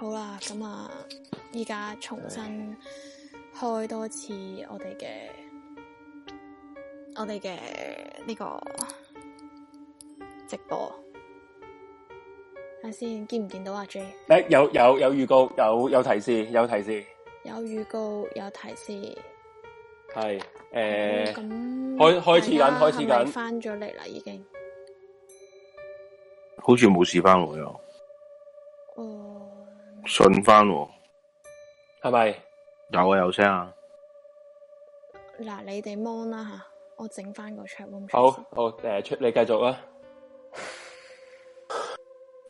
好啦，咁啊，依家重新開多次我哋嘅我哋嘅呢個直播。睇下先，見唔見到阿 J？誒，有有有預告，有有提示，有提示，有預告，有提示。係誒，咁開開始緊，開始緊，翻咗嚟啦，已經。好似冇事翻來喎順翻係咪有啊？有聲啊，嗱你哋摸啦吓，我整翻個桌，好，好誒，出你繼續，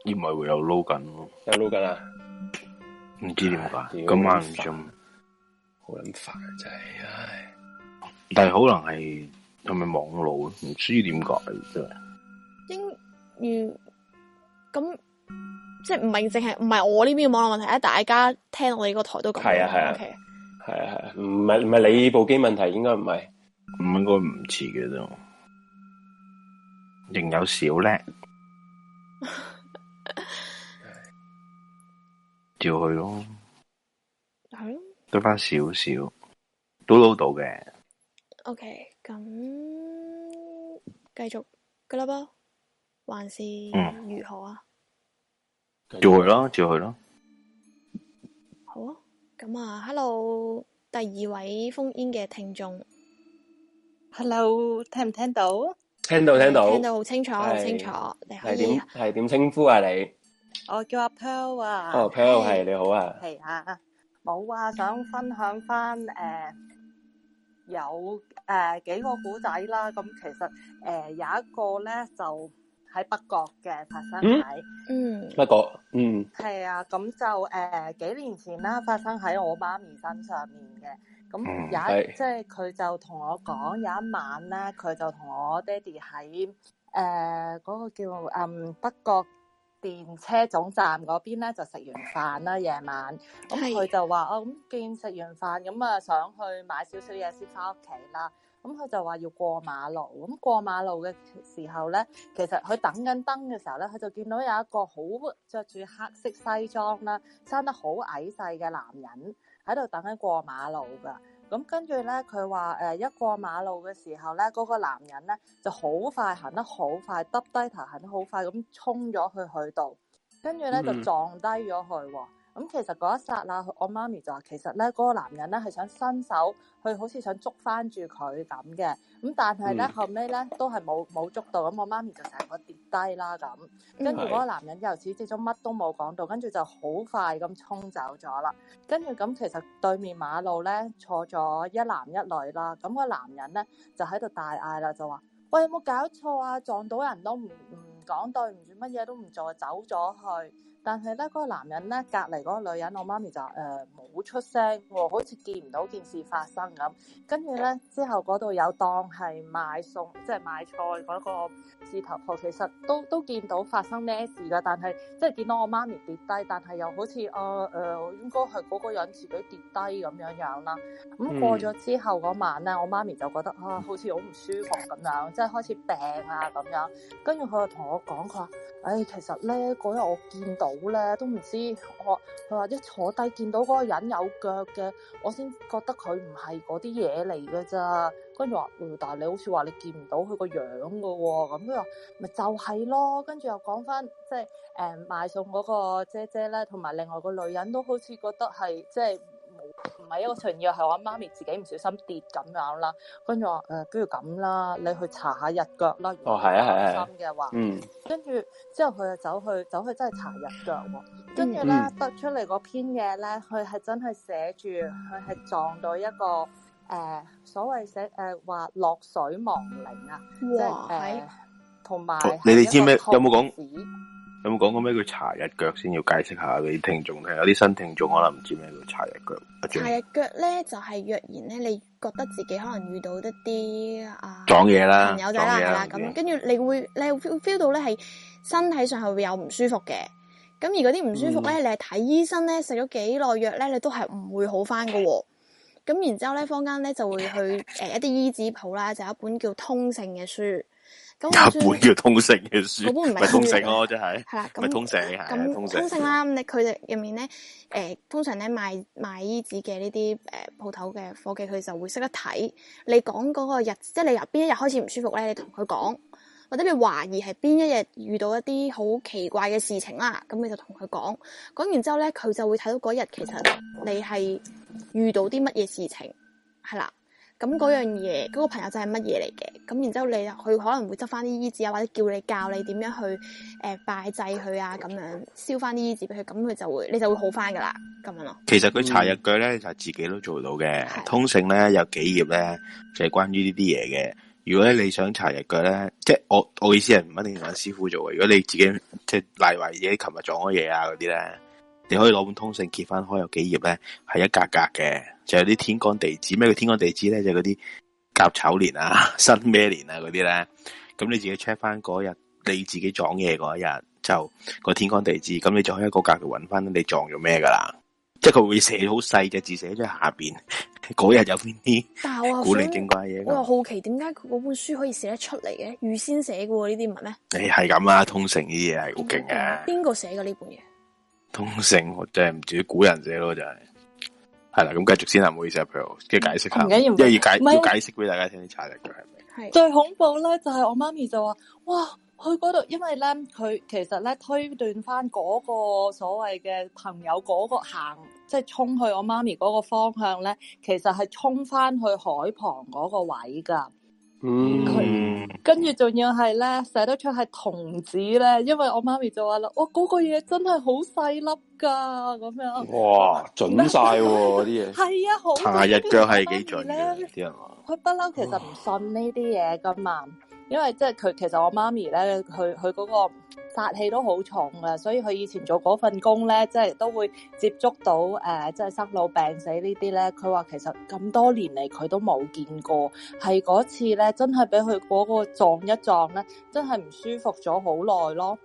因為啊，唔係會有 Logan 咯，有 Logan 啊，唔知點解今晚唔中，好撚煩啊，真係，但係可能係係咪網路唔知點解啫，英語咁。即係唔係淨係唔係我呢邊嘅網絡問題啊？大家聽到我呢個台都咁樣，係啊係啊，係啊係啊，唔係唔係你部機問題，應該唔係，唔應該唔似嘅啫，仍有少叻，調 去咯，係咯，得翻少少，都撈到嘅。OK，咁繼續噶啦噃，還是如何啊？嗯叫佢咯，叫佢咯。好啊，咁啊，Hello，第二位烽煙嘅聽眾，Hello，聽唔聽到？聽到，聽到，聽到好清楚，好清楚。你可以係點係點稱呼啊？你我叫阿 Pearl 啊。哦，Pearl 係你好啊。係啊，冇啊，想分享翻誒有誒幾個古仔啦。咁其實誒有一個咧就。喺北角嘅發生喺、嗯，嗯，北角，嗯，係啊，咁就誒、呃、幾年前啦，發生喺我媽咪身上面嘅，咁有、嗯、即係佢就同我講，有一晚咧，佢就同我爹哋喺誒嗰個叫嗯北角電車總站嗰邊咧，就食完飯啦夜晚，咁佢就話哦，咁見食完飯咁啊想去買少少嘢先翻屋企啦。咁佢就話要過馬路，咁過馬路嘅時候咧，其實佢等緊燈嘅時候咧，佢就見到有一個好着住黑色西裝啦，生得好矮細嘅男人喺度等緊過馬路噶。咁跟住咧，佢話、呃、一過馬路嘅時候咧，嗰、嗰個男人咧就好快行得好快，耷低頭行得好快咁衝咗去佢度，跟住咧就撞低咗佢喎。嗯咁其實嗰一剎啦，我媽咪就話其實咧，嗰個男人咧係想伸手去，佢好似想捉翻住佢咁嘅。咁但係咧後尾咧都係冇冇捉到，咁我媽咪就成個跌低啦咁。跟住嗰個男人由始至終乜都冇講到，跟住就好快咁衝走咗啦。跟住咁其實對面馬路咧坐咗一男一女啦。咁個男人咧就喺度大嗌啦，就話：喂有冇搞錯啊？撞到人都唔唔講對唔住，乜嘢都唔做，走咗去。但係咧，嗰、嗰個男人咧隔籬嗰個女人，我媽咪就誒冇、呃、出聲，呃、好似見唔到件事發生咁。跟住咧之後嗰度有檔係買餸，即係買菜嗰、嗰個市頭婆，其實都都見到發生咩事㗎。但係即係見到我媽咪跌低，但係又好似啊誒，應該係嗰個人自己跌低咁樣樣啦。咁、嗯、過咗之後嗰晚咧，我媽咪就覺得啊，好似好唔舒服咁樣，即係開始病啊咁樣。她跟住佢就同我講，佢話：唉、哎，其實咧嗰日我見到。好咧，都唔知我佢話一坐低見到嗰個人有腳嘅，我先覺得佢唔係嗰啲嘢嚟噶咋。跟住話，但係你好似話你見唔到佢個樣噶喎，哦。咁佢話咪就係、是、咯。跟住又講翻，即係誒、呃、賣餸嗰個姐姐咧，同埋另外個女人都好似覺得係即係。唔係一個傳言，係我阿媽咪自己唔小心跌咁樣啦。跟住話，誒、呃，不如咁啦，你去查一下日腳啦。哦，係啊，係啊。心嘅話，嗯。跟住之後佢就走去走去真係查日腳喎。跟住咧，得出嚟嗰篇嘢咧，佢係真係寫住，佢係撞到一個誒、呃、所謂寫誒話落水亡靈、呃、啊，即係同埋你哋知咩？有冇講？有冇講過咩叫查日腳？先要解釋下聽眾，你聽眾聽有啲新聽眾可能唔知咩叫查日腳。查日腳咧就係、是、若然咧，你覺得自己可能遇到一啲啊，講嘢啦，朋友仔啦咁，跟住、啊、你會你 feel 到咧係身體上係會有唔舒服嘅。咁而嗰啲唔舒服咧、嗯，你係睇醫生咧，食咗幾耐藥咧，你都係唔會好翻噶。咁然之後咧，坊間咧就會去誒一啲醫字譜啦，就有一本叫《通勝》嘅書。一本叫通勝嘅書，咪通勝咯、啊，真係係啦，咁、啊、通咁、啊、通勝啦、啊。咁、啊，佢哋入面咧，誒、呃，通常咧賣賣衣紙嘅呢啲誒鋪頭嘅伙計，佢就會識得睇。你講嗰個日，即、就、係、是、你由邊一日開始唔舒服咧，你同佢講，或者你懷疑係邊一日遇到一啲好奇怪嘅事情啦、啊，咁你就同佢講。講完之後咧，佢就會睇到嗰日其實你係遇到啲乜嘢事情，係啦、啊。咁嗰樣嘢，嗰、那個朋友就係乜嘢嚟嘅？咁然之後你，佢可能會執翻啲衣紙啊，或者叫你教你點樣去誒、呃、拜祭佢啊，咁樣燒翻啲衣紙俾佢，咁佢就會，你就會好翻噶啦，咁樣咯。其實佢查日句咧，就、嗯、自己都做到嘅。通勝咧有幾頁咧，就係、是、關於呢啲嘢嘅。如果你想查日腳咧，即係我我意思係唔一定揾師傅做嘅。如果你自己即係例如自己琴日撞咗嘢啊嗰啲咧，你可以攞本通勝揭翻開有幾頁咧，係一格格嘅。就有、是、啲天干地支，咩叫天干地支咧？就嗰、是、啲甲丑年啊、辛咩年啊嗰啲咧。咁你自己 check 翻嗰日你自己撞嘢嗰一日就個天干地支，咁你就可以喺個格局揾翻你撞咗咩噶啦。即係佢會寫好細隻字寫咗下邊，嗰日有邊啲。但古靈精怪嘢，我又好奇點解佢嗰本書可以寫得出嚟嘅？預先寫嘅喎，呢啲唔係咩？誒，係咁啊，通勝呢啲嘢係好勁嘅。邊個寫嘅呢本嘢？通勝，我真係唔知古人寫咯，就係、是。係啦，咁繼續先啦，唔好意思啊，朋友，即係解釋，因為要解要解釋俾大家聽啲踩力佢係咪？係最恐怖咧，就係我媽咪就話，哇，去嗰度，因為咧，佢其實咧推斷翻嗰個所謂嘅朋友嗰個行，即係衝去我媽咪嗰個方向咧，其實係衝翻去海旁嗰個位噶。嗯佢，嗯、跟住仲要係咧，寫得出係童子咧，因為我媽咪就話啦，哇嗰、嗰個嘢真係好細粒噶咁樣。哇，準晒啲嘢係啊，好、 啊、查日腳係幾準嘅啲人話。佢不嬲，其實唔信呢啲嘢噶嘛。因為即係佢其實我媽咪咧，佢佢嗰個殺氣都好重啊，所以佢以前做嗰份工咧，即係都會接觸到誒，即係生老病死呢啲咧。佢話其實咁多年嚟佢都冇見過，係嗰次咧真係俾佢嗰個撞一撞咧，真係唔舒服咗好耐咯。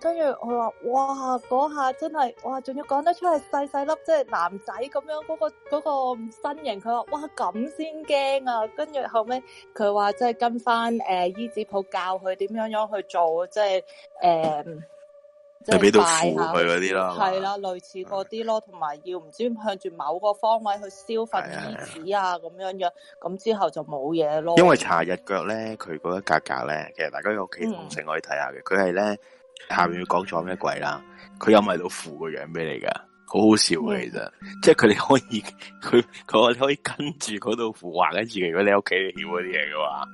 跟住我話，哇！嗰下真係，哇！仲要講得出嚟細細粒，即係男仔咁樣嗰、嗰個嗰、嗰個身形。佢話，哇！咁先驚啊！後後跟住後尾，佢話即係跟翻誒衣紙舖教佢點樣樣去做，即係誒、呃嗯，即係俾到佢嗰啲咯，係啦，類似嗰啲咯，同、嗯、埋要唔知向住某個方位去消化衣紙啊，咁、哎、樣樣，咁、哎、之後就冇嘢咯。因為茶日腳咧，佢嗰一價格咧，其實大家喺屋企同城可以睇下嘅，佢係咧。下面要講左咩鬼啦？佢有埋道符個樣俾你噶，好好笑嘅其實，嗯、即係佢哋可以，佢佢話你可以跟住嗰道符畫跟住，如果你屋企要嗰啲嘢嘅話，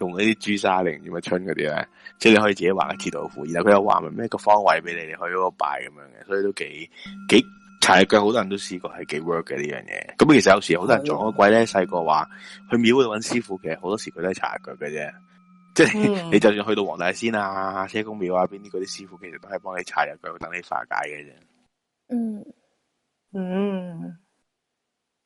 用嗰啲朱砂靈咁啊春嗰啲咧，即係你可以自己畫一道符，然後佢又畫埋咩個方位俾你，你去嗰個拜咁樣嘅，所以都幾幾查腳，好多人都試過係幾 work 嘅呢樣嘢。咁其實有時好多人撞左鬼咧，細個話去廟度揾師傅嘅，其實好多時佢都係查腳嘅啫。即 係你就算去到黃大仙啊、車公廟啊邊啲嗰啲師傅，其實都係幫你踩吓腳，佢等你化解嘅啫。嗯嗯。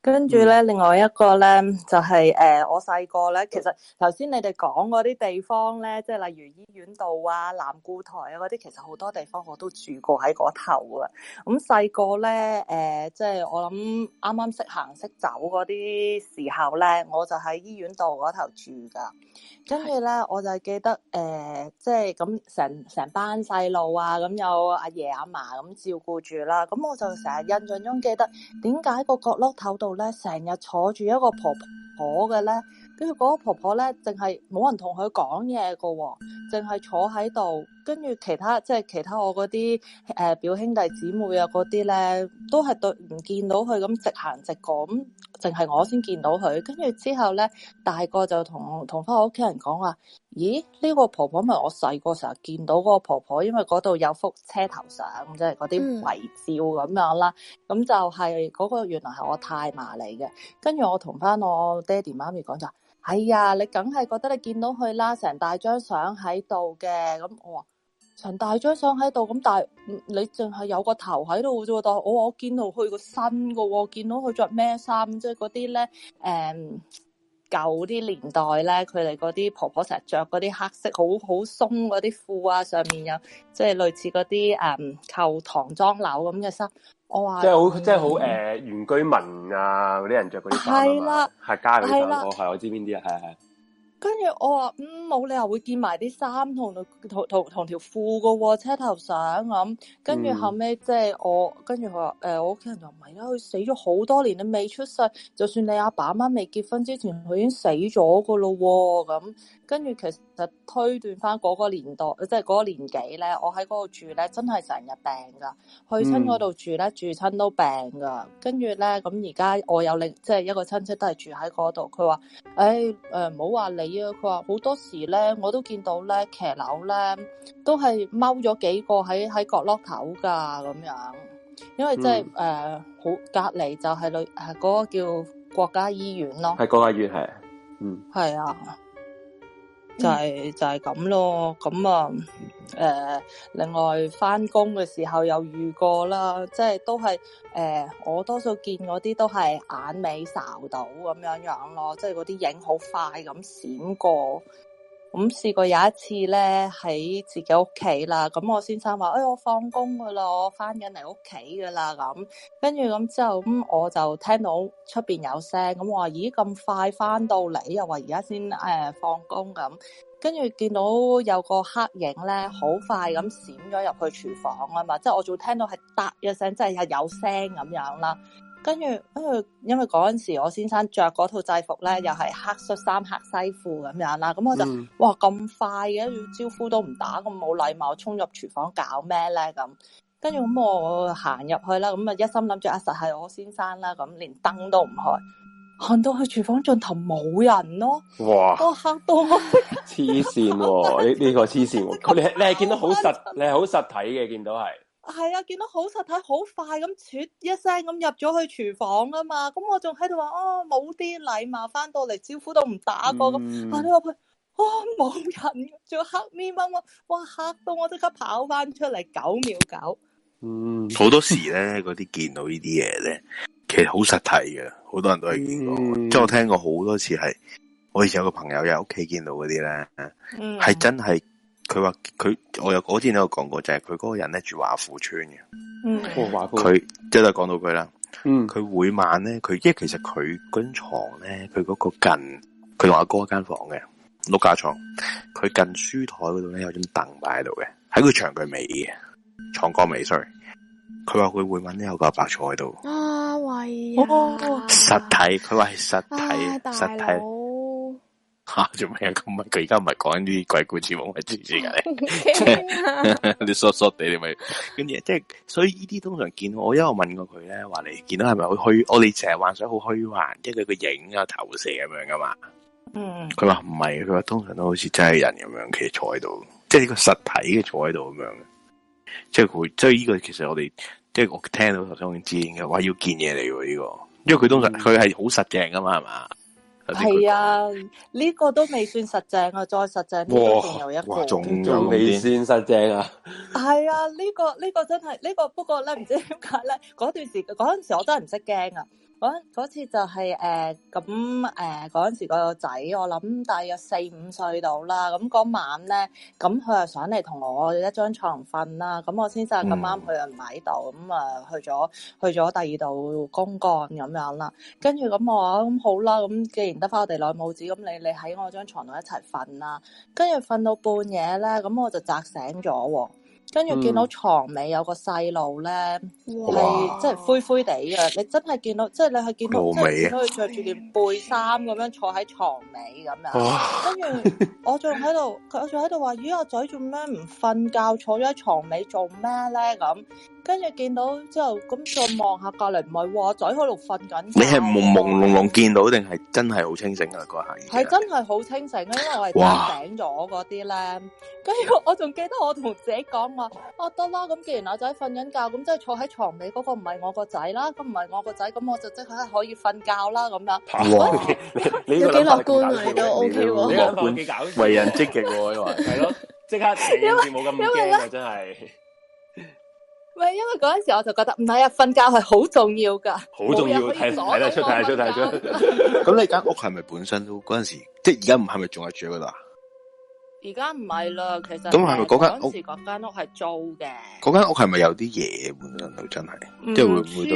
跟住咧，嗯，另外一個咧就係、是、誒、呃，我細個咧，其實頭先你哋講啲地方咧，即係例如醫院道啊、南固台啊啲，其實好多地方我都住過喺頭噶。咁細個咧，誒，即係我諗啱啱識行識走啲時候咧，呃就是，我就喺醫院道頭住噶。跟住咧，我就記得誒，即係咁成成班細路啊，咁、嗯、有阿爺阿嫲咁照顧住啦。咁我就成日印象中記得，點解個角落頭度，咧成日坐住一個婆婆嘅咧，跟住嗰個婆婆咧，淨係冇人同佢講嘢噶，淨係坐喺度。跟住其他即係其他我嗰啲誒表兄弟姊妹啊嗰啲咧，都係對唔見到佢咁直行直講，淨係我先見到佢。跟住之後咧，大個就同同翻我屋企人講話：咦，呢個婆婆咪我細個時候見到嗰個婆婆。因為嗰度有幅車頭相，即係嗰啲遺照咁樣啦。咁、嗯、就係嗰個原來係我太嫲嚟嘅。跟住我同翻我爹哋媽咪講就係哎呀，你梗係覺得你見到佢啦，成大張相喺度嘅。咁、嗯、我。成大張相喺度咁，但係你淨係有個頭喺度啫喎。但係我我見到佢個身嘅，見到佢着咩衫，即係嗰啲咧，誒、嗯，舊啲年代咧，佢哋嗰啲婆婆成日着嗰啲黑色好好鬆嗰啲褲啊，上面有即係類似嗰啲誒扣唐裝褸咁嘅衫。我話即係好，即係好誒，原居民啊嗰啲人着嗰啲係啦，客家係啦，係我，我知邊啲啊，係係。跟住我話，嗯，冇理由會見埋啲衫同同同同條褲噶喎，車頭上咁，跟住後尾，即係我跟住佢話誒，我屋企人就唔係啦，佢死咗好多年都未出世，就算你阿爸阿媽未結婚之前，佢已經死咗噶咯咁。跟住，其實推斷翻嗰個年代，即係嗰個年紀咧，我喺嗰度住咧，真係成日病噶。去親嗰度住咧、嗯，住親都病噶。跟住咧，咁而家我有另即係一個親戚都係住喺嗰度，佢話，誒、哎、誒，唔好話你啊。佢話好多時咧，我都見到咧騎樓咧都係踎咗幾個喺喺角落頭噶咁樣，因為即係誒好隔離就係佢係嗰個叫國家醫院咯，係國家醫院係，嗯，係啊。就係、是、就係、是、咁咯，咁、嗯、啊，誒、呃，另外翻工嘅時候又遇過啦，即、就、係、是、都係，誒、呃，我多數見嗰啲都係眼尾睄到咁樣樣咯，即係嗰啲影好快咁閃過。咁試過有一次咧，喺自己屋企啦，咁我先生話，哎，我放工噶啦，我翻緊嚟屋企噶啦咁，跟住咁之後，咁我就聽到出面有聲，咁話，咦，咁快翻到嚟，又話而家先放工咁。跟住見到有個黑影咧，好快咁閃咗入去廚房啊嘛，即係我仲聽到係嗒一聲，即係有聲咁樣啦。跟住，因為因為嗰陣時我先生着嗰套制服咧，又係黑恤衫、黑西褲咁樣啦，咁、嗯、我就哇咁快嘅，招呼都唔打，咁冇禮貌，沖入廚房搞咩咧咁？跟住咁我行入去啦，咁啊一心諗住阿實係我先生啦，咁連燈都唔開，行到去廚房盡頭冇人咯，哇！都嚇到黐線喎，呢呢、 欸這個黐線，你你係見到好實，你係好實體嘅見到係。係啊，見到好實體，好快咁，啜一聲咁入咗去廚房啊嘛，咁我仲喺度話哦冇啲禮貌，翻到嚟招呼都唔打過咁，你話佢哦冇人，仲黑面貓貓，哇，嚇到我即刻跑翻出嚟九秒九。嗯，好多時咧，嗰啲見到呢啲嘢咧，其實好實體嘅，好多人都係見到，即、嗯、係我聽過好多次係，我以前有個朋友有屋企見到嗰啲咧，係真係。佢話佢我有嗰次都有講過，就係佢嗰個人咧住華富村嘅，佢即係都係講到佢啦。佢、嗯、每晚咧，佢因為其實佢嗰張床咧，佢嗰個近，佢同阿哥一間房嘅碌架床，佢近書檯嗰度咧有張凳擺喺度嘅，喺佢牆佢尾嘅，床角尾 Sorry。佢話佢每晚呢有個阿伯喺度，啊喂，實體，佢話係實體、啊，實體。吓做咩啊？咁啊佢而家唔係講啲鬼故事，講係黐線嘅，你，你縮縮地你咪跟住，即係所以呢啲通常見到我因為問過佢咧，話你見到係咪好虛？我哋成日幻想好虛幻，即係佢個影呀投射咁樣噶嘛。嗯。佢話唔係，佢話通常都好似真係人咁樣，其實坐喺度，即係呢個實體嘅坐喺度咁樣。即係佢，即係呢個其實我哋，即係我聽到頭先我知嘅話要見嘢嚟喎呢個，因為佢通常佢係好實淨噶嘛係嘛。係 啊，呢、這個都未算實正啊，再實正仲有一個，仲未算實正啊 。係啊，呢、這個呢、這個真係呢、這個，不過咧唔知點解咧，嗰段時嗰陣時我真係唔識驚啊。嗰、哦、嗰次就係誒咁誒，嗰陣時個仔我諗大約四五歲到啦，咁嗰晚咧，咁佢又上嚟同我一張床瞓啦，咁我先生咁啱佢又唔喺度，咁啊去咗去咗第二度公幹咁樣啦，跟住咁我話咁、嗯、好啦，咁既然得翻我哋兩母子，咁你你喺我張床度一齊瞓啦，跟住瞓到半夜咧，咁我就紮醒咗喎。跟、嗯、住見到床尾有個細路咧，係即係灰灰哋嘅，你真係見到，即係你係見到，即係可以着住件背衫咁樣坐喺床尾咁樣。跟住我仲喺度，佢我仲喺度話：咦，我仔做咩唔瞓覺，坐咗喺床尾做咩咧？咁。跟住見到之後，咁再望下隔離，唔係喎，仔喺度瞓緊。你係朦朦朧朧見到定係真係好清醒啊？嗰下係真係好清醒啊！因為我係大醒咗嗰啲咧。跟住我仲記得我同自己講話：啊，得啦，咁既然阿仔瞓緊覺，咁即係坐喺牀尾嗰個唔係我個仔啦。咁唔係我個仔，咁我就即刻可以瞓覺啦。咁樣你都幾樂觀嚟都 OK 喎。為人積極喎，你話係咯？即刻好似冇咁驚啊！真係。唔係，因為嗰陣時我就覺得唔係啊，瞓覺係好重要噶，好重要，係係啦，出曬出曬出。咁 你間屋係咪本身都嗰陣時，即係而家唔係咪仲係住喺嗰度啊？而家唔係啦，其實咁係咪嗰間屋嗰間屋係租嘅？嗰間屋係咪有啲嘢換到真係？唔會會知、啊，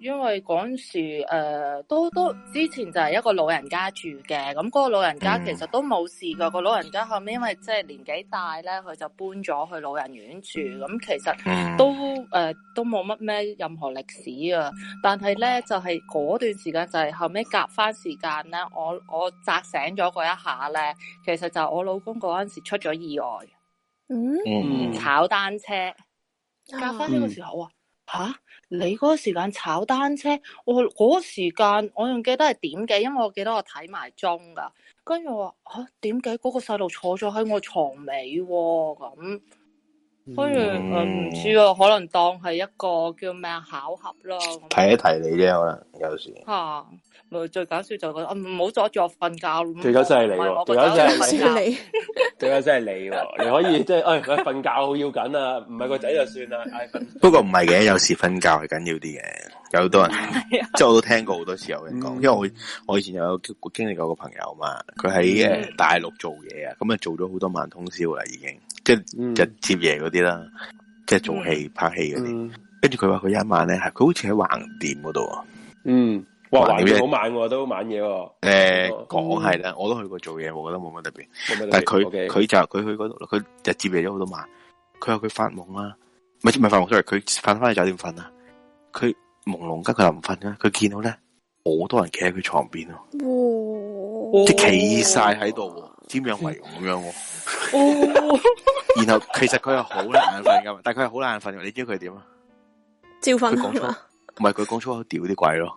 因為嗰時誒、呃、都都之前就係一個老人家住嘅，咁、那、嗰個老人家其實都冇事噶。個、嗯、老人家後尾因為即係年紀大咧，佢就搬咗去老人院住。咁其實都誒、嗯呃、都冇乜咩任何歷史啊。但係咧就係、是、嗰段時間就係後尾夾翻時間咧，我我扎醒咗嗰一下咧，其實就是我老工嗰陣時出咗意外嗯，嗯，炒單車，架翻呢個時候，嗯、啊，吓你嗰個時間炒單車，我嗰、嗰個時間我仲記得係點嘅，因為我記得我睇埋鐘噶，跟住、啊、我話吓點解嗰個細路坐咗喺我床尾咁，跟住我唔知啊，可能當係一個叫咩巧合啦，提一提你啫，可能有時、啊。最搞笑就覺得唔好阻住我瞓覺。最緊要係你喎，最緊要係你，最緊要係你喎。 你可以即係誒，瞓、 哎、覺好要緊啊，唔係個仔就算啦、啊。 不過唔係嘅，有時瞓覺係緊要啲嘅。有好多人即係 我都聽過好多次有人講、嗯，因為我我以前有經歷歷過個朋友嘛，佢喺誒大陸做嘢啊，咁啊做咗好多晚通宵啦，已經即係接夜嗰啲啦，即係做戲拍戲嗰啲。跟住佢話佢有一晚咧，係佢好似喺橫店嗰度，嗯。哇！你好猛，都晚嘢、哦。誒、呃，講係啦，我都去過做嘢，我覺得冇乜特別。但係佢佢就佢去嗰度，佢就接嚟咗好多晚。佢話佢發夢啦，咪係唔係發夢出嚟，佢瞓翻去酒店瞓啦。佢朦朧，跟佢又唔瞓嘅。佢見到咧，好多人企喺佢床邊咯，即係企晒喺度，點、哦、樣圍咁樣？哦、 然後其實佢係好難瞓噶， 但係佢係好難瞓。你知佢點啊？照瞓。唔係佢講粗口，屌 啲鬼咯。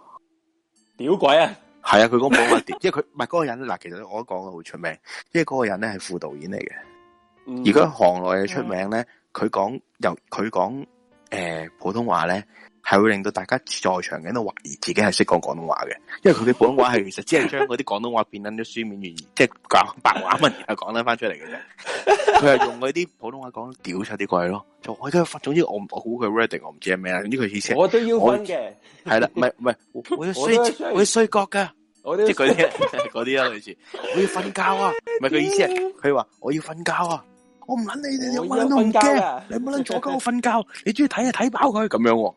屌鬼啊！ 係啊，佢講冇乜點，因為佢唔係嗰個人。嗱，其實我都講佢好出名，因為嗰個人咧係副導演嚟嘅、嗯，而佢行內嘅出名咧，佢、嗯、講由佢講誒普通話咧。係會令到大家在場嘅都懷疑自己係識講廣東話嘅，因為佢嘅普通話係其實只係將嗰啲廣東話變咗書面語言，即係講白話文而講翻出嚟嘅啫。佢係用嗰啲普通話講屌出啲鬼咯。總之我我估佢 ready 我唔知係咩啦，總之佢意思我都要瞓嘅，係啦，唔係唔係，我，我，我，我，我要衰我要睡覺噶、啊，即係嗰啲嗰啲啊類似，我要瞓覺啊，唔係佢意思係，佢話我要瞓覺啊，我唔捻你、啊你，啊、你，我不你有冇捻到唔驚？我不你有冇捻坐夠瞓覺？你中意睇就睇飽佢咁樣。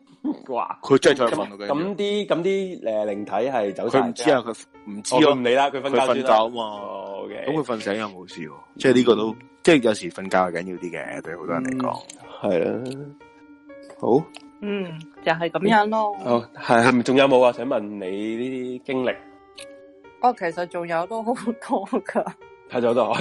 哇！佢真係瞓到咁啲咁啲，誒靈體係走晒，佢唔知啊，佢唔知道，哦，唔理啦，佢瞓覺啊嘛，咁佢瞓醒又冇事喎，即係呢個都即係有時瞓覺係緊要啲嘅，對好多人嚟講係啊。好，嗯，就係、是、咁樣咯，好，係係咪仲有冇啊？想、啊、問你呢啲經歷，我、哦、其實仲有都好多噶。睇咁啊，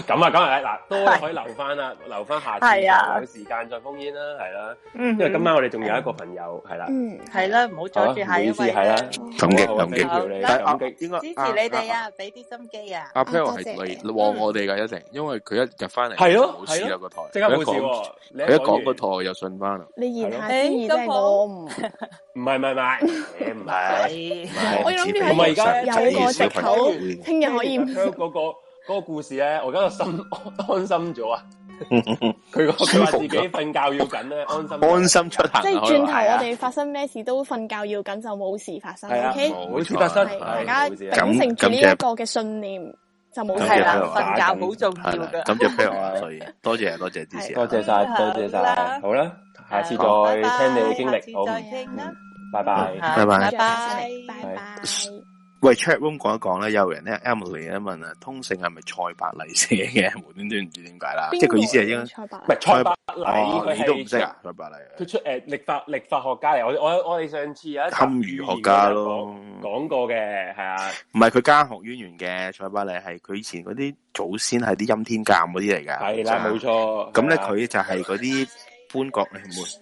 咁啊，嗱，都可以留翻啦，留翻下次有時間再封煙啦，係啦。因為今晚我哋仲有一個朋友係啦，係啦，唔、啊、好阻住下一位，係啦，咁敬，林敬佢支持你哋啊，俾、啊、啲、啊、心機啊。阿 Paul 係嚟旺我哋噶，一定，因為佢一入翻嚟係咯，冇事啦，那個台，即刻冇事喎。佢一講個，個，個台又順翻啦。你言下之意、欸、就我唔唔係唔係唔係唔係，我諗住係有個藉口，聽日可以唔？嗰、那個故事咧，我而家個心安心咗啊！佢佢話自己瞓覺要緊咧，安心， 安，心 安心出行。即係轉頭我哋發生咩事都瞓覺要緊，就冇事發生。o、okay？啊，冇事發生。大家秉承住呢一個嘅信念，就冇事啦。瞓覺好重要噶。咁就非常感，我所以感我所以謝，謝，多謝多謝主持，多謝晒，多謝晒。好啦，下次再聽你經歷。好，拜拜，拜拜，拜拜，拜拜。喂，chat room 講一講咧，有人咧，Emily 啊問啊，通勝係咪蔡伯勵寫嘅？無端端唔知點解啦，即係佢意思係應該蔡伯，唔係蔡伯勵，佢都唔識啊，蔡伯勵。佢出誒曆法曆法學家嚟，我我我哋上次有，堪輿學家咯，講過嘅係啊，唔係佢家學淵源嘅蔡伯勵係佢以前嗰啲祖先係啲欽天監嗰啲嚟㗎，係啦冇錯。咁咧佢就係嗰啲藩國嚟嘅。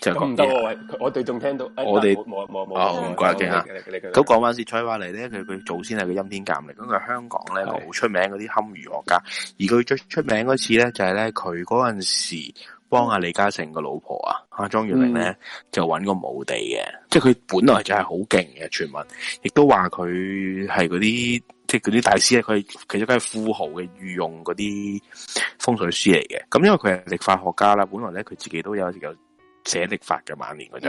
就唔得，位，啊，我哋仲聽到，我哋冇冇冇。哦，唔怪得嘅。咁講翻蔡彩華嚟咧，佢佢祖先係個欽天監嚟，咁、嗯、佢香港咧好、嗯、出名嗰啲堪輿學家。而佢最出名嗰次咧，就係咧佢嗰陣時幫阿李嘉誠個老婆、嗯、啊，阿莊月明咧就搵個墓地嘅、嗯，即係佢本來就係好勁嘅傳聞，亦都話佢係嗰啲即係嗰啲大師咧，佢其實佢係富豪嘅御用嗰啲風水師嚟嘅。咁因為佢係曆法學家啦，本來咧佢自己都有有。寫曆法嘅。晚年嗰陣，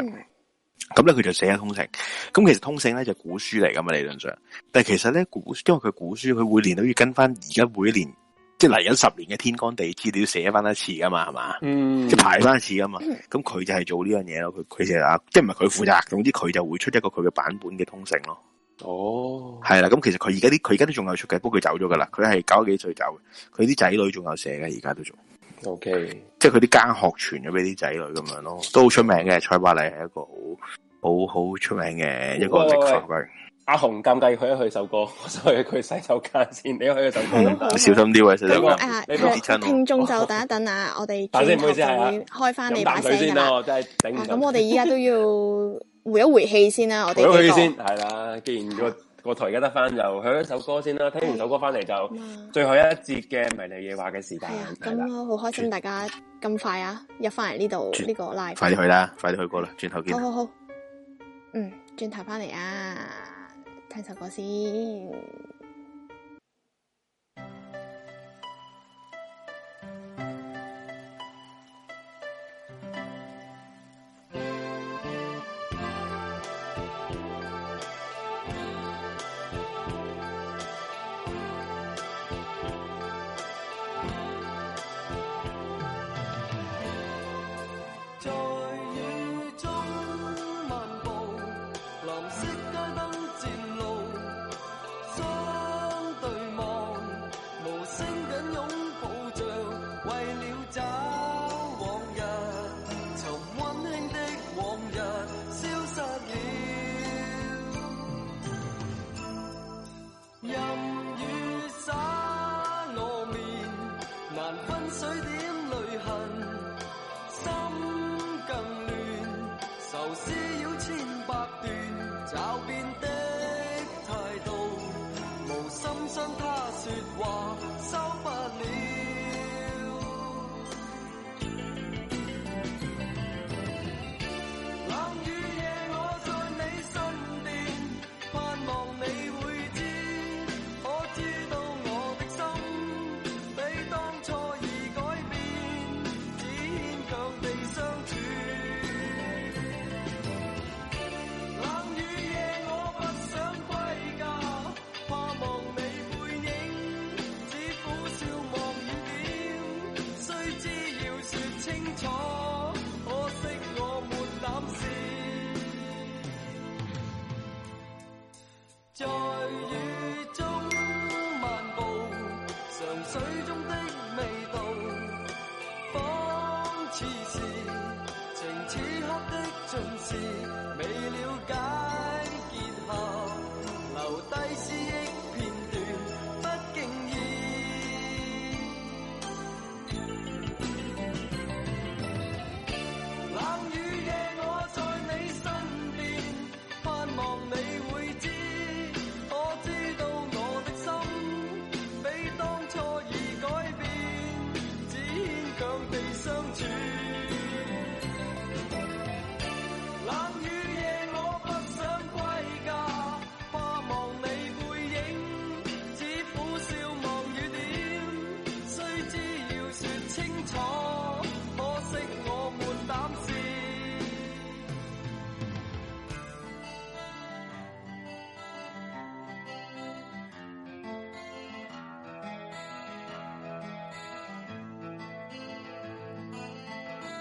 咁咧，佢就寫咗通勝，咁其實通勝咧就古書嚟噶嘛理論上，但係其實咧古因為佢古書佢每年都要跟翻而家每年即係嚟緊十年嘅天干地支，你要寫翻一次噶嘛係嘛，即係、嗯、排翻一次噶嘛，咁、嗯、佢就係做呢樣嘢咯，佢佢就啊即係唔係佢負責，總之佢就會出一個佢嘅版本嘅通勝咯。哦，係啦，咁其實佢而家啲佢而家都仲有出嘅，不過佢走咗噶啦，佢係九幾歲走，佢啲仔女仲有寫嘅，而家都仲。O、okay. K，即係佢啲間學傳咗俾啲仔女咁樣咯，都好出名嘅。蔡伯黎係一個好、好好出名嘅一個書法家。阿紅尷尬，去一去首歌，我先去佢洗手間先。你去一去首歌，小心啲位，小心啲、嗯。啊，啊你聽眾就等一等 啊，我哋先唔開翻你把聲先啦，我真噶嘛。咁我哋依家都要回一回氣先啦。我哋回一回氣先，係啦、這個。既然個台而家得翻就，響一首歌先啦，聽完首歌翻嚟就，啊、最後一節嘅迷離夜話嘅時間。係啊，咁好開心大家咁快啊，入翻嚟呢度呢個 live。快啲去啦，快啲去過啦，轉頭見。好、哦、好好，嗯，轉頭翻嚟啊，聽首歌先。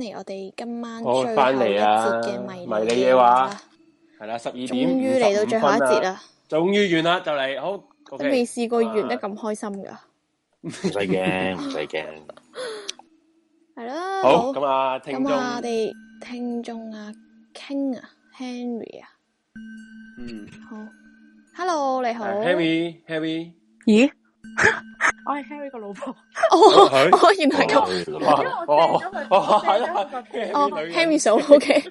嚟我哋今晚返嚟呀，最後一節嘅迷離夜話，係啦，十二點二十五分啊，終於完啦，就嚟好都未試過完得咁開心㗎，唔使驚唔使驚，係啦好咁啊，聽眾我哋聽眾啊，傾啊 Henry 啊，嗯好，Hello 你好 Henry Henry 咦？我係 Harry 個老婆。哦，哎，原來係咁。哦，係啦，係啦，哦，Harry 嫂，OK。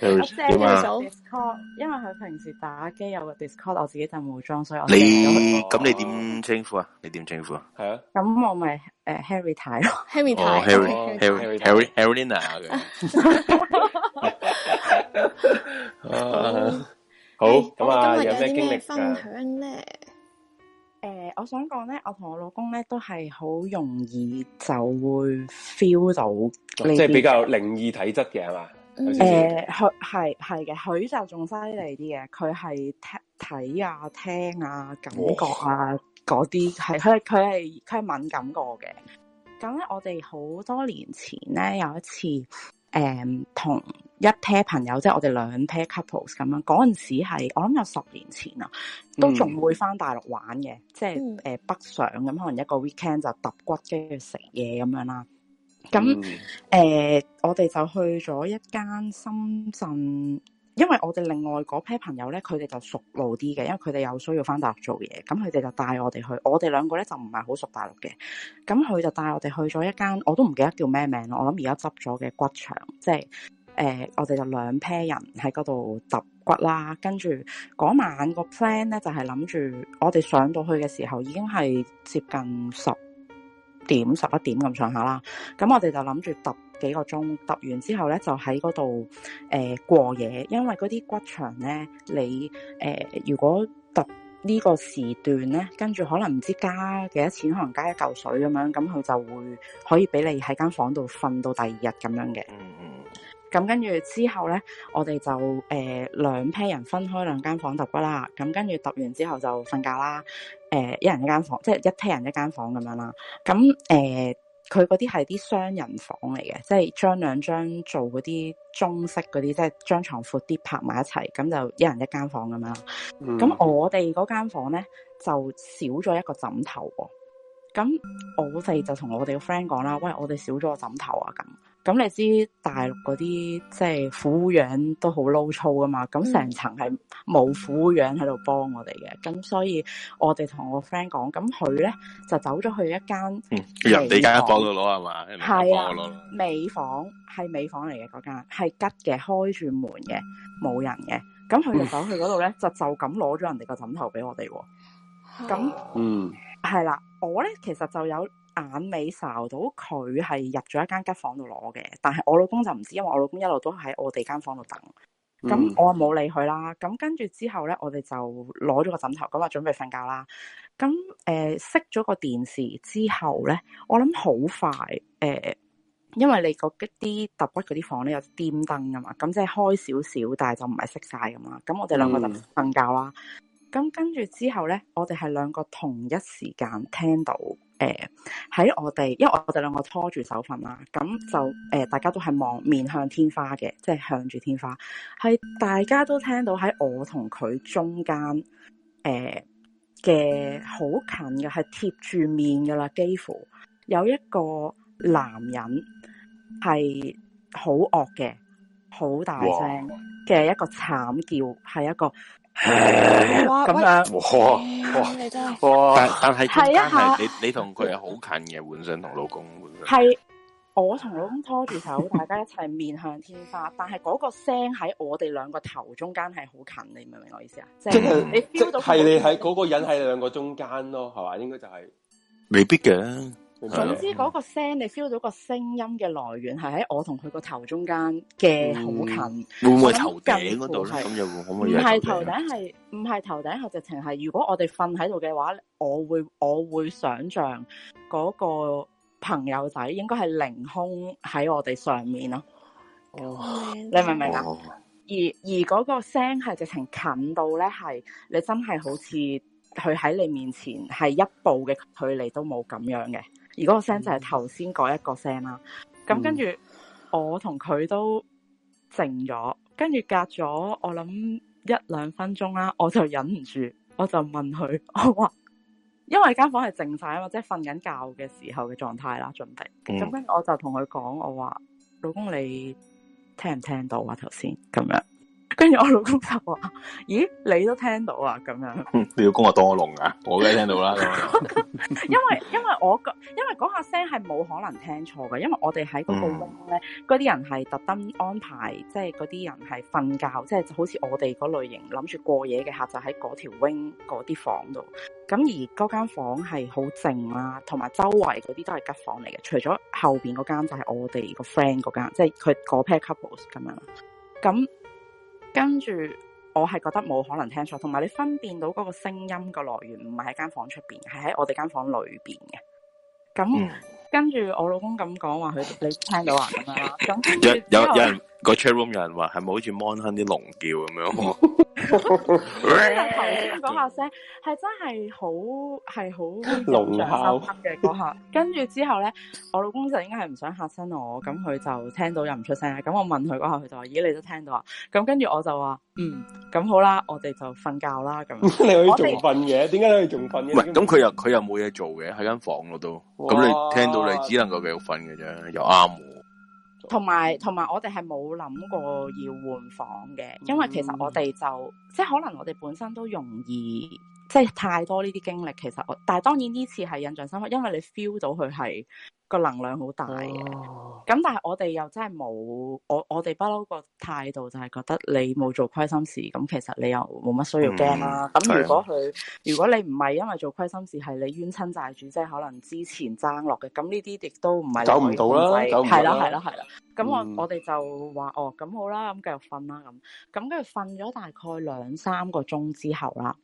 Harry 嫂，Discord。因為佢平時打機有個 Discord，我自己就冇裝，所以我。你咁你點稱呼啊？你點稱呼啊？係啊。咁我咪誒 Harry 太咯，Harry 太，Harry，Harry，Harry，Harry，Lina。好，咁啊，今日有咩經歷分享咧？我想講咧，我同我老公咧都係好容易就會 feel 到，即係比較靈異體質嘅係嘛？誒，佢係係嘅，佢、呃、就仲犀利啲嘅，佢係睇啊、聽啊、感覺啊嗰啲，係佢係佢係佢係敏感過嘅。咁咧，我哋好多年前咧有一次，誒、嗯、同，一 pair 朋友，即係我哋兩 pair couples 咁樣，嗰陣時係我諗有十年前啦、啊，都仲會返大陸玩嘅、嗯，即係、呃、北上咁、嗯，可能一個 weekend 就揼骨跟住食嘢咁樣啦。咁、嗯呃、我哋就去咗一間深圳，因為我哋另外嗰 pair 朋友咧，佢哋就熟路啲嘅，因為佢哋有需要返大陸做嘢，咁佢哋就帶我哋去。我哋兩個咧就唔係好熟大陸嘅，咁佢就帶我哋去咗一間，我都唔記得叫咩名，我諗而家執咗嘅骨場，即係。誒、呃，我哋就兩 pair 人喺嗰度揼骨啦，跟住嗰晚個 plan 咧就係諗住我哋上到去嘅時候已經係接近十點十一點咁上下啦，咁我哋就諗住揼幾個鐘，揼完之後咧就喺嗰度誒過夜，因為嗰啲骨場咧，你誒、呃、如果揼呢個時段咧，跟住可能唔知加幾多錢，可能加一嚿水咁樣，咁佢就會可以俾你喺間房度瞓到第二日咁樣嘅。嗯嗯。咁跟住之後咧，我哋就兩、呃、批人分開兩間房揼骨啦。咁跟住揼完之後就瞓覺啦、呃。一人一間房，即係一批人一間房咁樣啦。咁誒佢嗰啲係啲雙人房嚟嘅，即係將兩張做嗰啲中式嗰啲，即係張床闊啲，拍埋一齊，咁就一人一間房咁樣啦。咁、嗯、我哋嗰間房咧就少咗一個枕頭喎、哦。咁我哋就同我哋個 friend 講啦，喂，我哋少咗個枕頭啊咁。咁你知大陸嗰啲即係苦養都好撈粗噶嘛。咁成層係冇苦養喺度幫我哋嘅，咁、嗯、所以我哋同我 friend 講，咁佢咧就走咗去一間，人哋間房度攞係嘛？係啊，尾房係尾房嚟嘅嗰間係吉嘅，開住門嘅，冇人嘅。咁佢就走去嗰度咧，就就咁攞咗人哋個枕頭俾我哋喎。咁、啊、嗯，係啦，我咧其實就有。眼尾睄到佢係入咗一間吉房度攞嘅，但係我老公就唔知，因為我老公一路都喺我哋間房度等。咁、嗯、我就冇理佢啦。咁跟住之後呢，我哋就攞咗個枕頭，咁啊準備瞓覺啦。咁誒熄咗個電視之後呢，我諗好快誒、呃，因為你嗰啲揼骨嗰啲房咧有電燈噶嘛，咁即係開少少，但係就唔係熄晒噶嘛。咁我哋兩個就瞓覺啦。咁跟住之後呢，我哋係兩個同一時間聽到。誒、呃，喺我哋，因為我哋兩個拖住手瞓啦，咁就誒、呃，大家都係望面向天花嘅，即係向住天花，係大家都聽到喺我同佢中間，誒嘅好近嘅，係貼住面㗎啦，幾乎有一個男人係好惡嘅，好大聲嘅一個慘叫，係一個。咁 樣，但但係中間係你你同佢係好近嘅，換想同老公係我同老公拖住手，大家一齊面向天花， 但係嗰個聲喺我哋兩個頭中間係好近，你明唔明我意思啊？即係 你係你喺嗰個人喺你兩個中間咯，係嘛，就是？應該就係未必嘅。嗯、總之嗰個聲，你 feel 到個聲音嘅來源係喺我同佢個頭中間嘅好近，嗯、會唔會係頭頂度咧？咁又會可唔可以？唔係頭頂，係唔係頭頂？係直情係，如果我哋瞓喺度嘅話，我會我會想象嗰個朋友仔應該係凌空喺我哋上面咯、哦哦。你明唔明啊？而而嗰個聲係直情近到咧，係你真係好似佢喺你面前係一步嘅距離都冇咁樣嘅。而嗰個聲就係頭先嗰一個聲啦，咁、嗯、跟住我同佢都靜咗，跟住隔咗我諗一兩分鐘啦，我就忍唔住，我就問佢，我話因為間房係靜晒，啊嘛，即係瞓緊覺嘅時候嘅狀態啦，準備，咁跟住我就同佢講，我話老公，你聽唔聽到啊頭先咁樣。跟住我老公就話，咦，你都聽到啊？咁樣，你要講我多聾啊，我梗係聽到啦。因為因為我個因為嗰下聲係冇可能聽錯嘅，因為我哋喺嗰個 wing 咧，嗰、嗯、啲人係特登安排，即係嗰啲人係瞓覺，即、就、係、是、好似我哋嗰類型諗住過夜嘅客就、啊就，就喺嗰條 wing 嗰啲房度。咁而嗰間房係好靜啦，同埋周圍嗰啲都係吉房嚟嘅，除咗後邊嗰間就係我哋個 friend 嗰間，即係佢嗰 pair couples 咁樣，咁。跟住，我係覺得冇可能聽錯，同埋你分辨到嗰個聲音嘅來源唔係喺間房出邊，係喺我哋間房裏邊嘅。咁、嗯、跟住我老公咁講話，佢你聽到啊？咁樣。咁 有，有，有人。那個 chat room 人是是 有人話係咪好似 mon 哼啲龍叫咁樣？頭先嗰下聲係真係好係好龍嘅嗰下，跟住之後咧，我老公就應該係唔想吓親我，咁佢就聽到又唔出聲。咁我問佢嗰下，佢就話：咦，你都聽到啊？咁跟住我就話：嗯，咁好啦，我哋就瞓覺啦。咁 你可以仲瞓嘅？點解你可以仲瞓嘅？唔係咁佢又佢又冇嘢做嘅，喺間房嗰度。咁你聽到你只能夠繼續瞓嘅啫，又啱。同埋同埋，我哋係冇諗過要換房嘅，因為其實我哋就即係可能我哋本身都容易。即係太多呢啲經歷，其實我，但係當然呢次係印象深刻，因為你 feel 到佢係個能量好大嘅。咁、哦、但係我哋又真係冇，我我哋不嬲個態度就係覺得你冇做虧心事，咁其實你又冇乜需要驚啦。咁、嗯、如果佢，如果你唔係因為做虧心事，係你冤親債主，即係可能之前爭落嘅，咁呢啲亦都唔係走唔到啦，係啦係啦係啦。咁我、嗯、我哋就話哦，咁好啦，咁繼續瞓啦咁。咁跟住瞓咗大概兩三個鐘之後啦。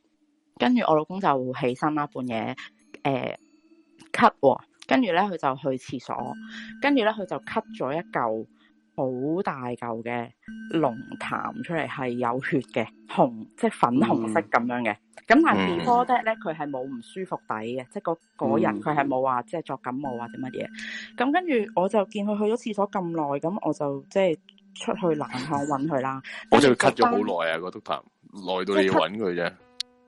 跟住我老公就起身啦，半夜，誒、呃，咳，跟住咧，佢就去廁所，跟住咧，佢就咳咗一嚿好大嚿嘅龍痰出嚟，係有血嘅，紅即係粉紅色咁樣嘅。咁、嗯、但係 before that 咧，佢係冇唔舒服底嘅、嗯，即係嗰個人佢係冇話即係作感冒或者乜嘢。咁跟住我就見佢去咗廁所咁耐，咁我就即係出去樓下搵佢啦。我 就咳咗好耐啊，嗰督痰，耐到要搵佢啫。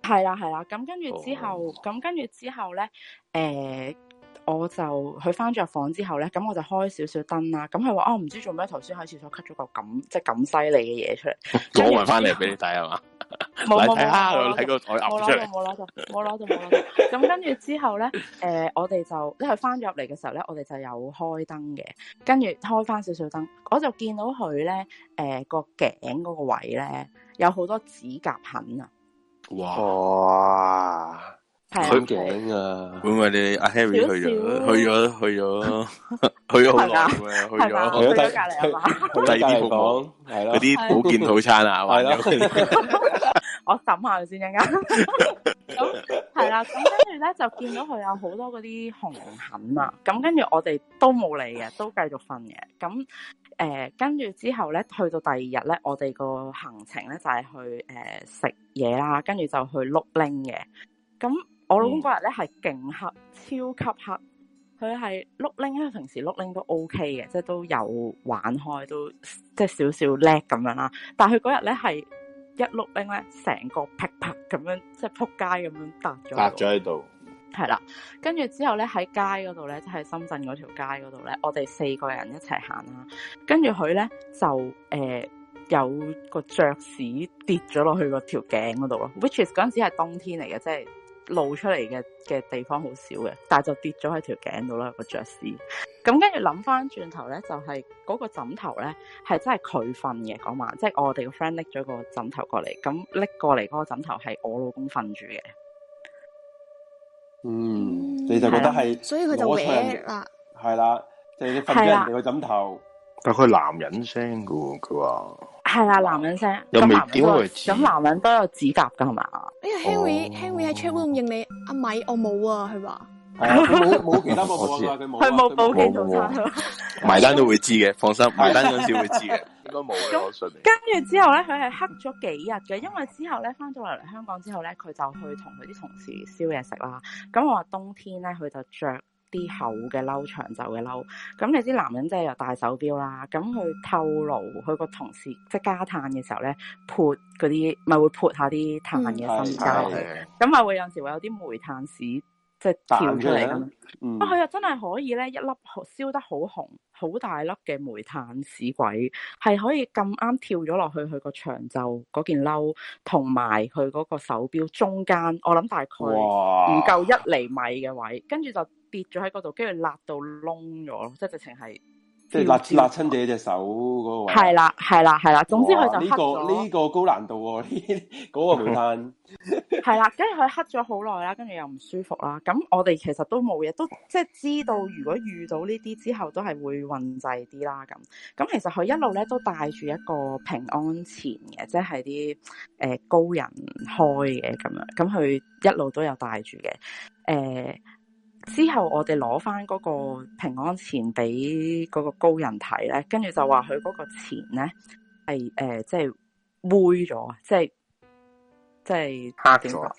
係啦、啊，係啦、啊，咁跟住之後，咁、oh. 跟住之後咧，誒、欸，我就佢翻咗入房之後咧，咁我就開少少燈啦。咁佢話：我唔知做咩，頭先喺廁所吸咗個咁即係咁犀利嘅嘢，出嚟，攞埋翻嚟俾你睇係嘛？冇冇冇，喺個台嘔出嚟，冇攞到，冇攞到，冇攞到。咁 跟住之後咧，誒、欸，我哋就因為翻咗入嚟嘅時候咧，我哋就有開燈嘅，跟住開翻少少燈，我就見到佢咧，誒、呃，個頸嗰個位咧有好多指甲痕啊。哇，好勁啊！會唔會你阿 Harry 去咗？去咗，去咗，去咗好啊！去咗，去咗隔籬係嘛？第二邊講係啦，嗰啲保健套餐啊，我審下佢先一陣。咁係啦，咁跟住咧就見到佢有好多嗰啲紅痕啊！咁跟住我哋都冇理嘅，都繼續瞓嘅咁。誒、呃，跟住之後咧，去到第二日咧，我哋個行程咧就係、是、去誒食嘢啦，跟住就去碌冰嘅。咁我老公嗰日咧係勁黑，超級黑。佢係碌冰，因為平時碌冰都 OK 嘅，即係都有玩開，都即係少少叻咁樣啦。但係佢嗰日咧係一碌冰咧，成個劈啪咁樣，即係扑街咁樣搭咗。搭咗喺度。係啦，跟住之後咧，喺街嗰度咧，即係深圳嗰條街嗰度咧，我哋四個人一齊行啦。跟住佢咧就誒、呃、有個雀屎跌咗落去個條頸嗰度咯。which is 嗰陣時係冬天嚟嘅，即係露出嚟嘅嘅地方好少嘅，但係就跌咗喺條頸度啦，個雀屎，咁跟住諗翻轉頭咧，就係、是、嗰個枕頭咧係真係佢瞓嘅嗰晚，即、就、係、是、我哋個 friend 拎咗個枕頭過嚟，咁拎過嚟嗰個枕頭係我老公瞓住嘅。嗯，你就覺得係，所以佢就歪啦，係啦，即係你瞓喺人哋個枕頭，但佢男人聲噶，佢話係啦，男人聲，咁男人咁男，男人都有指甲噶係嘛？因、哎、呀，Henry，Henry、哦、喺 checkroom 咁認你，阿米我冇啊，佢話冇冇其他冇啊，佢冇冇其他，埋單都會知嘅，放心，埋單先會知嘅。 都嗯、跟住之後咧，佢係黑咗幾日嘅，因為之後咧翻咗嚟香港之後咧，佢就去同佢啲同事燒嘢食啦。咁我話冬天咧，佢就着啲厚嘅褸、長袖嘅褸。咁你啲男人即係又戴手錶啦。咁佢透露佢個同事即係加炭嘅時候咧，撥嗰啲咪會撥下啲炭嘅心膠。咁、嗯、咪會有時會有啲煤炭屎。即係跳出嚟咁，啊嗯，啊佢又真係可以咧，一粒燒得好紅、好大粒嘅煤炭屎鬼，係可以咁啱跳咗落去佢個長袖嗰件褸，同埋佢嗰個手錶中間，我諗大概唔夠一厘米嘅位，跟住就跌咗喺嗰度，跟住辣到窿咗咯，即係直情係。即係辣辣親自己隻手嗰、那個位，係啦係啦係啦，總之佢就呢、這個呢、這個高難度喎、啊，呢、這、嗰個舞翻。係、那、啦、個，跟住佢黑咗好耐啦，跟住又唔舒服啦。咁我哋其實都冇嘢，都即係知道，如果遇到呢啲之後，都係會運滯啲啦。咁咁其實佢一路咧都帶住一個平安錢嘅，即係啲誒高人開嘅咁樣，咁佢一路都有帶住嘅，誒、呃。之後我哋攞返嗰個平安錢俾嗰個高人睇咧，跟住就話佢嗰個錢呢係即係黴咗，即係即係黑咗，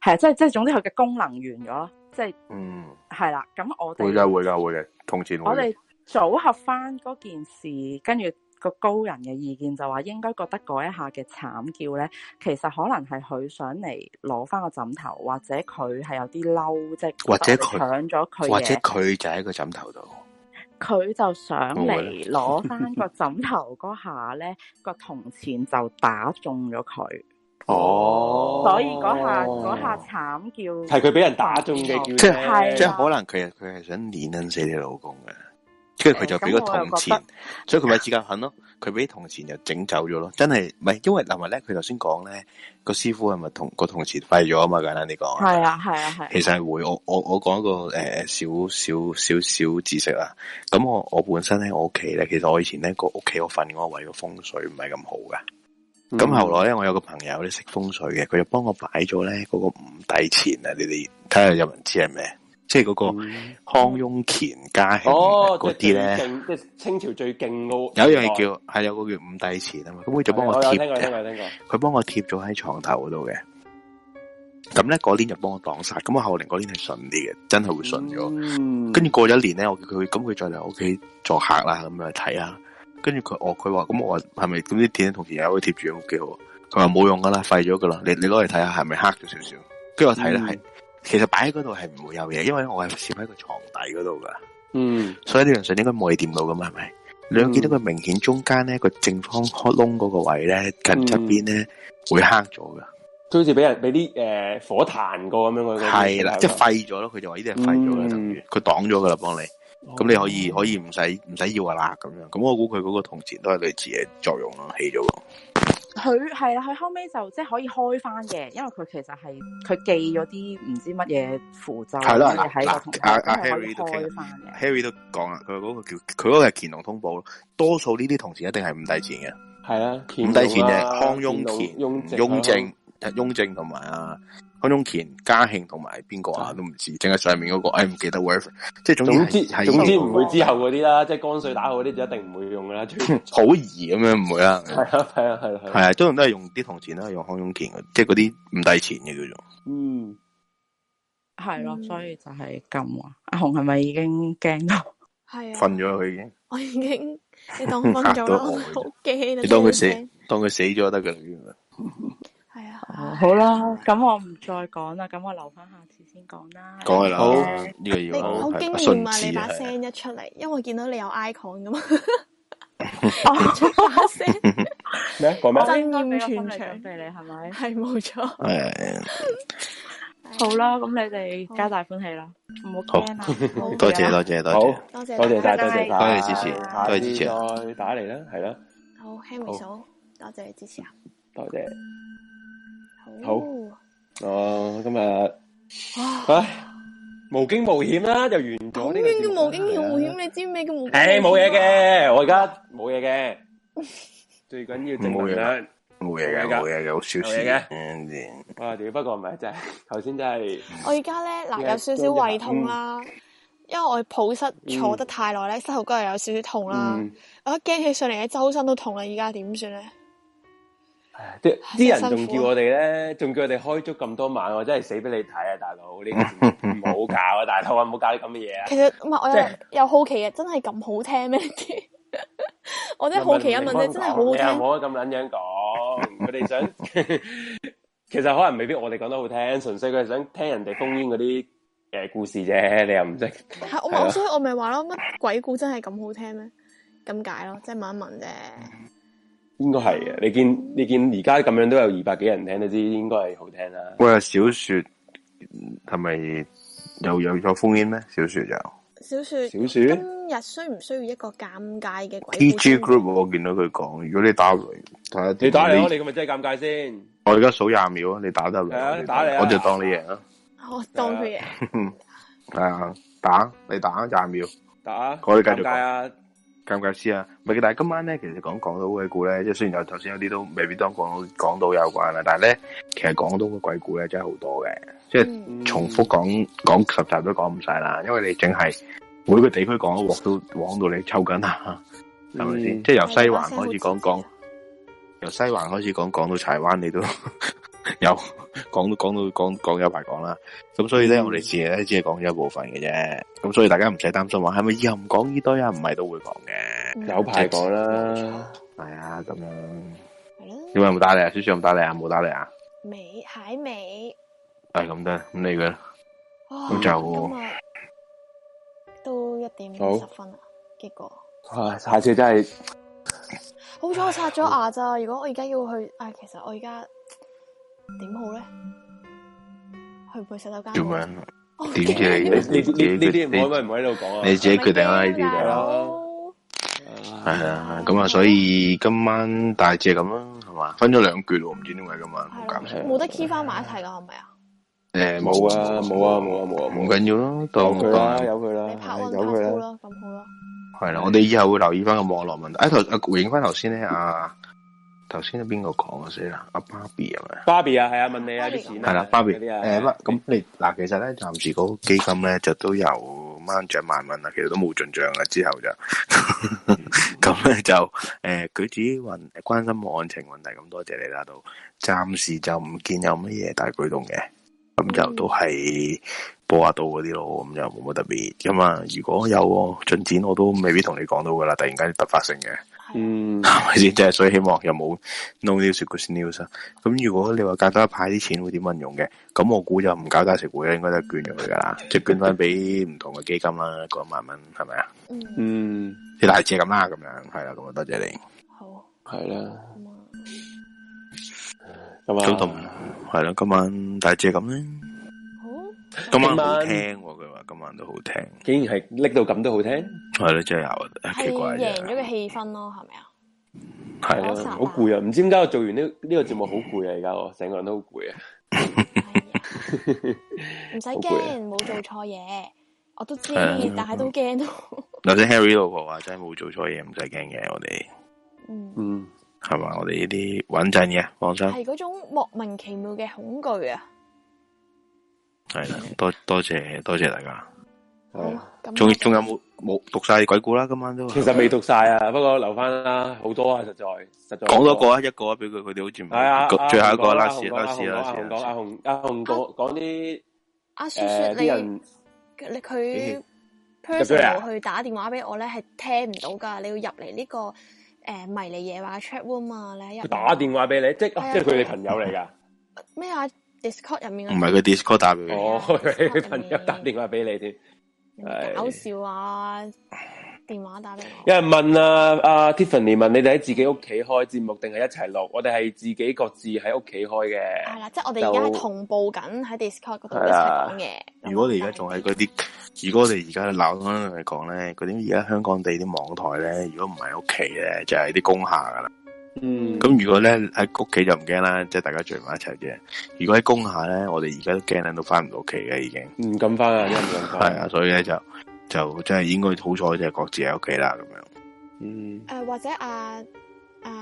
係啊，即係即係總之佢嘅功能完咗，即係，嗯，係啦。咁我哋會嘅會嘅會嘅銅錢，我哋組合返嗰件事，跟住。個高人嘅意見就話，應該覺得嗰一下嘅慘叫咧，其實可能係佢上嚟攞翻個枕頭，或者佢係有啲嬲，即、就是、或者佢搶咗佢嘢，或者佢就喺個枕頭度，佢就想嚟攞翻個枕頭嗰下咧， 個銅錢就打中咗佢。哦，所以嗰下嗰下慘叫係佢俾人打中嘅叫，係即係可能佢佢係想捻死你老公嘅。跟住佢就俾個銅錢、嗯，所以佢咪置物品咯。佢俾銅錢就整走咗咯。真係唔係，因為嗱埋咧，佢頭先講咧，個師傅係咪同個銅錢廢咗啊？嘛簡單啲講，係啊係啊係。其實係會，我我我講一個誒少少少少知識啦。咁、嗯、我我本身咧我屋企咧，其實我以前咧個屋企我瞓嗰位個風水唔係咁好嘅。咁、嗯、後來咧，我有個朋友咧識風水嘅，佢就幫我擺咗咧嗰個五帝錢啊！你哋睇下有冇人知係咩？即係嗰個康雍乾嘉嗰啲咧，即、哦、係清朝最勁嗰。有一樣嘢，叫係、哦、有個叫五帝錢啊嘛，咁佢就幫我貼，聽過聽過聽過。佢幫我貼咗喺床頭嗰度嘅。咁咧嗰年就幫我擋晒，咁我後嚟嗰年係順啲嘅，真係會順咗。跟、嗯、住過咗一年咧，我叫佢，咁佢再嚟屋企做客啦，咁嚟睇下。跟住佢我佢話，咁我話係咪咁啲錢同其實可以貼住喺屋企？佢話冇用噶啦，廢咗噶啦。你你攞嚟睇下係咪黑咗少少？跟住我睇咧，係。嗯其實擺喺嗰度係唔會有嘢，因為我係攝喺個床底嗰度噶。嗯，所以呢樣嘢你應該冇係掂到噶嘛，係咪？你有見到個明顯中間咧個正方窟窿嗰個位咧近側邊咧會黑咗噶，就好似俾人俾啲誒火炭過咁樣嘅。係啦，即係廢咗咯。佢就話呢啲係廢咗啦，等於佢擋咗噶啦，幫你。咁你可以可以唔使唔使要㗎啦，咁樣。咁我估佢嗰個銅錢都係你自己作用咯，起咗。佢係啦，佢後尾就即係、就是、可以開翻嘅，因為佢其實係佢寄咗啲唔知乜嘢符咒，係喺阿啦，喺個 Harry、啊啊、以可以開翻嘅。Harry 都講啦，佢、啊、嗰個叫佢嗰個係乾隆通寶咯，多數呢啲同事一定係五帝錢嘅，係啊，五帝錢嘅康雍乾雍正、雍正同埋啊。康雍乾、嘉慶同埋邊個啊都唔知，淨係上面嗰、嗰個，哎唔記得。即係總之係總之唔會之後嗰啲啦，即係江水打好啲就一定唔會用噶啦。好 易咁樣唔會啦。係啊係啊係啊係啊，通常都係用啲銅錢啦，用康雍乾嘅，即係嗰啲唔抵錢嘅叫做。嗯，係咯，所以就係咁啊。阿紅係咪已經驚到？係啊，瞓咗佢已經。我已經你當咗好驚。你當佢 死，死，當佢死咗得噶啦。 係、哎、啊，好啦，咁我唔再講啦，咁我留翻下次先講啦。講喇，啦、呃，好呢個要好。好驚艷啊！你把聲一出嚟，因為我見到你有 icon 咁嘛你出把聲咩？驚打艷 全場，全場謝謝你係咪？係冇錯。係。 好啦，咁你哋皆大歡喜啦，唔好驚、啊、多謝，多謝多謝多謝，多謝多謝拜拜多謝支持，多謝，多謝，多謝，多謝，多謝你支持，再打嚟啦，係啦。好，Henry 嫂，多謝支持啊！多謝。好哦，今日唉、啊，無驚無險啦、啊，就完咗。講完叫無驚無險，你知咩叫無驚誒、欸，冇嘢嘅，我而家冇嘢嘅，最緊要冇嘢嘅，冇嘢嘅，冇嘢嘅，好少事嘅、啊。不過唔係，真係頭先真係。 我而家咧嗱， 有少少胃痛啦、嗯，因為我抱膝坐得太耐咧、嗯，膝頭哥又有少少痛啦、嗯。我一驚起上嚟咧，周身都痛啦，而家點算咧？啲啲人仲叫我哋咧，仲、啊、叫佢哋開足咁多晚，我真係死俾你睇啊！大佬，呢個唔好搞啊！大佬，我唔好搞啲咁嘅嘢啊！其實唔係，我又又好奇啊！真係咁好聽咩？ 我真係好奇一問啫，你真係好好聽。你唔好咁撚樣講，佢哋想，其實可能未必我哋講得好聽，純粹佢係想聽人哋烽煙嗰啲誒故事啫。你又唔識？我問所以我，我咪話咯，乜鬼故真係咁好聽咩？咁解咯，即係問一問啫。應該係嘅，你見你見而家咁樣都有二百幾人聽，你知道應該係好聽啦。喂，係小說，係咪又有咗烽煙咩？小說就小,小說，今日需唔需要一個尷尬嘅鬼？T G Group 我見到佢講，如果你打嚟，你打嚟，你咁咪真係尷尬先。我而家數廿秒，啊，你打得嚟，你打嚟，我就當你贏啊。我當佢贏，係啊， 打你打廿秒，打我哋繼續講。咁唔怪啊，咪，但係今晚咧，其實講港島鬼故咧，即係雖然有頭先有啲都未必當港島有關啦，但係咧，其實港島嘅鬼故咧真係好多嘅，即係重複講講、嗯、十集都講唔晒，啦，因為你淨係每個地區講嘅鑊都往到你抽筋啊，咁、嗯、先，即係由西環開始講講，由西環開始講講到柴灣，你都。 有講到講到講講有排講啦，咁所以咧我哋自己咧只係講咗一部分嘅啫，咁所以大家唔使擔心話係咪又唔講呢堆呀？唔係都會講嘅，有排講啦，係啊，咁樣。你話有冇打你啊？小上有冇打你啊？冇打你啊？未，蟹尾係咁得，咁你嘅？咁就都一點十分啦。結果、啊、下次真係好彩我刷咗牙咋，如果我而家要去，啊，其實我而家。點好咧？去唔去洗手間？做咩？點嘅？你你你你啲唔可以咪唔可以喺度講啊？你自己決定啦呢啲嘢咯。係啊，咁啊，所以今晚大致係咁咯，係嘛？分咗兩橛喎，唔知點解今晚冇感情。冇得 keep 翻埋一齊噶係咪啊？誒，冇啊，冇啊，冇啊，冇啊，冇緊要咯，當佢啦，由佢啦，你拍我打佢咯，咁好咯。係啦，我哋以後會留意翻個網絡問題。誒，頭誒，回應翻頭先咧啊。頭先邊個講啊先啦阿 Barbie 係咪？Barbie 啊，係啊，啊，問你一啊啲錢係啦，Barbie 誒咁你嗱，其實咧暫時嗰個基金咧、嗯呃呃呃、就都有掹著萬蚊啦，其實都冇進賬嘅，之後就咁咧、 嗯 嗯嗯嗯、就誒舉止關心案情問題，咁多謝你啦，都暫時就唔見有乜嘢大舉動嘅，咁、嗯嗯嗯、就都係播下到嗰啲咯，咁又冇乜特別咁啊，如果有進展我都未必同你講到噶啦，突然間突發性嘅。嗯，係咪先？即係所以希望又冇 no news，good news 咁 news。咁如果你話介一派啲錢會點運用嘅？咁我估就唔搞大值食會啦，應該都係捐咗佢噶啦，即係捐翻俾唔同嘅基金啦。嗰一萬蚊係咪啊？嗯，你大致咁啦，咁樣係啦，咁啊多謝你。好，係啦。咁啊，係啦，今晚大致咁咧。今晚好聽，佢話今晚都好聽。竟然係拎到咁都好聽，係咯真係有，奇怪嘅。贏咗個氣氛咯，係咪啊？係啊，好攰啊！唔知點解我做完呢呢個節目好攰啊！而家我成個人都好攰啊！唔使驚，冇、嗯 啊、 做錯嘢，我都知、嗯，但係都驚。嗱、嗯，頭先 Harry 老婆話真係冇做錯嘢，唔使驚嘅，我哋，嗯，係嘛，我哋呢啲穩陣嘅，放心。係嗰種莫名其妙嘅恐懼啊！係啦，多多謝多謝大家。好、啊，仲、嗯、仲有冇冇讀晒鬼故啦？今晚都其實未讀晒啊、嗯，不過留翻啦，好多啊，實在實在。講多個啊，一個啊，俾佢佢哋好似唔係啊，最後一個啦，阿阿阿阿紅，阿紅阿紅，講啲阿雪雪你你佢 personal 去打電話俾我咧，係聽唔到噶，你要入嚟呢個誒迷你夜話 chat room 啊，你入打電話俾你，即即係佢哋朋友嚟噶咩啊？Discord 入面唔係佢 Discord 打俾我，哦、朋友打電話俾你添，你搞笑啊！電話打嚟，有人問啊，阿、啊、Tiffany 問你哋喺自己屋企開節目定係一齊錄？我哋係自己各自喺屋企開嘅。係啦，即係我哋而家同步緊喺 Discord 嗰度嘅。如果我哋而家仲喺嗰啲，如果我哋而家鬧翻嚟講咧，嗰啲而家香港地啲網台咧，如果唔係屋企咧，就係啲工廈噶啦。嗯，咁如果咧喺屋企就唔驚啦，即係大家聚埋一齊啫。如果喺工下咧，我哋而家都驚咧，都翻唔到屋企嘅已經。唔敢翻啊，一唔敢翻。係 啊，所以咧就就真係應該好彩，就係各自喺屋企啦咁樣。嗯，誒、uh, 或者阿阿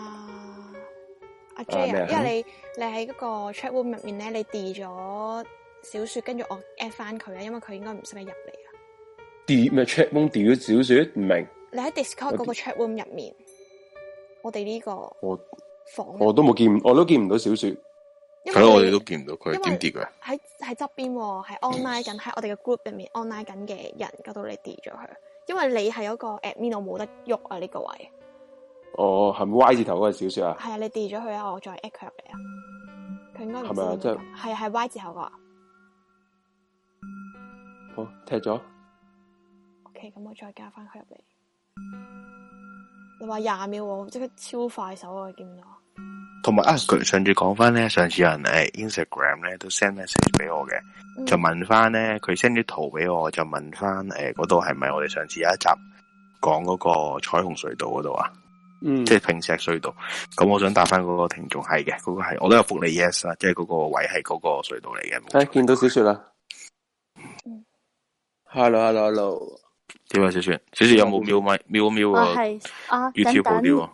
阿 J 啊，因為你你喺嗰個 chat room 入面咧，你 delete 咗小說，跟住我 add 翻佢啊，因為佢應該唔識得入嚟啊。delete 咩 chat room delete 小說唔明？你喺 Discord 嗰個 chat room 入面。我哋呢個房我，我都冇見，我都見唔到小說因為，係咯，我哋都見唔到佢點跌嘅。喺喺側邊喎，喺 online 緊，喺我哋嘅 group 入面 online 緊嘅人嗰度你跌咗佢，因為你係嗰、啊、個 admin 裏邊我冇得喐啊呢、個位。哦，係咪 Y 字頭嗰個小說啊？係啊，你跌咗佢啊，我再 at 佢入嚟啊。佢應該係咪啊？即係係 Y 字頭個。好，踢咗。OK，咁我再加翻佢入嚟。話廿秒，即刻超快手啊！見到，同埋啊，上次講翻咧，上次有人誒、欸、Instagram 咧都 send message 俾我嘅、嗯，就問翻咧，佢 send 啲圖俾我，就問翻誒嗰度係咪我哋上次有一集講嗰個彩虹隧道嗰度啊？嗯，即、就、係、是、平石隧道。咁我想答翻嗰個聽眾係嘅，嗰、那個係我都有覆你 yes 啦，即係嗰個位係嗰個隧道嚟嘅。誒、欸，見到小雪啦。Hello，Hello，Hello、嗯。Hello, hello, hello. 點啊，小雪，小雪有冇喵咪喵喵啊？係啊，要跳過啲喎。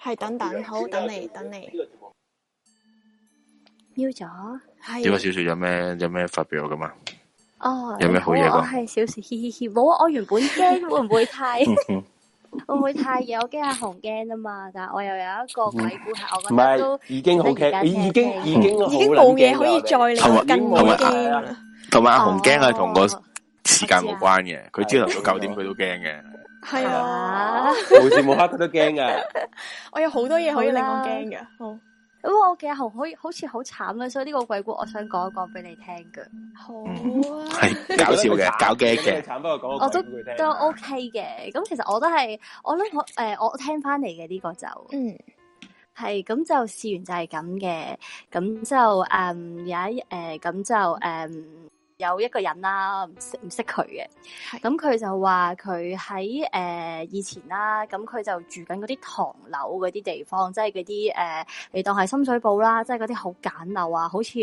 係等等，好等你等你喵咗。點啊，小雪有咩有咩發表噶嘛？哦，有咩好嘢？係小雪，嘻嘻嘻，嘻。冇，啊，我原本驚， 會唔會太？會 唔會太？我驚阿紅驚啊嘛，但係我又有一個鬼故事，我覺得都已經好驚，已經已經已經冇嘢可以再嚟跟冇嘅。同埋阿紅驚啊，同個。啊時間無關嘅，佢朝頭早九點佢都驚嘅，係 啊，好似冇黑佢都驚噶 我有好多嘢可以令我驚嘅，咁我嘅後可以好似好慘啊。所以呢個鬼故我想講一講俾你聽嘅，好啊，係、嗯、搞笑嘅，搞驚嘅，慘不過講我都都 OK 嘅，咁其實我都係我諗我誒，我聽翻嚟嘅呢個就嗯，係咁就試完就係咁嘅，咁就嗯有一誒咁就誒。嗯有一個人啦，唔識唔識佢嘅，咁佢就話佢喺誒以前啦，咁佢就住緊嗰啲唐樓嗰啲地方，即係嗰啲誒，你、呃、當係深水埗啦，即係嗰啲好簡陋啊，好似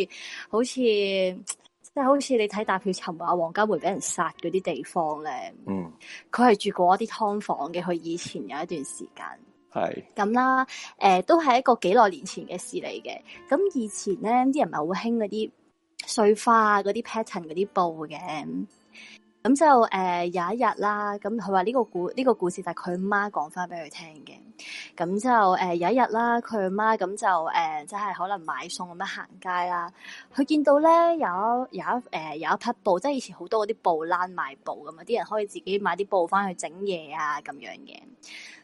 好似即係好似你睇《大票尋》啊，黃家梅俾人殺嗰啲地方咧，嗯，佢係住過一啲劏房嘅，佢以前有一段時間係咁啦，誒、呃，都係一個幾耐年前嘅事嚟嘅，咁以前咧啲人咪係好興嗰啲。碎花嗰啲 pattern 嗰啲布嘅，咁就誒、呃、有一日啦，咁佢話呢個故呢、呢個故事就係佢媽講翻俾佢聽嘅。咁就誒、呃、有一日啦，佢媽咁就誒即係可能買餸咁樣行街啦。佢見到咧有有一誒、呃、有一匹布，即係以前好多嗰啲布欄，賣布咁啊，啲人可以自己買啲布翻去整嘢啊的，咁樣嘅。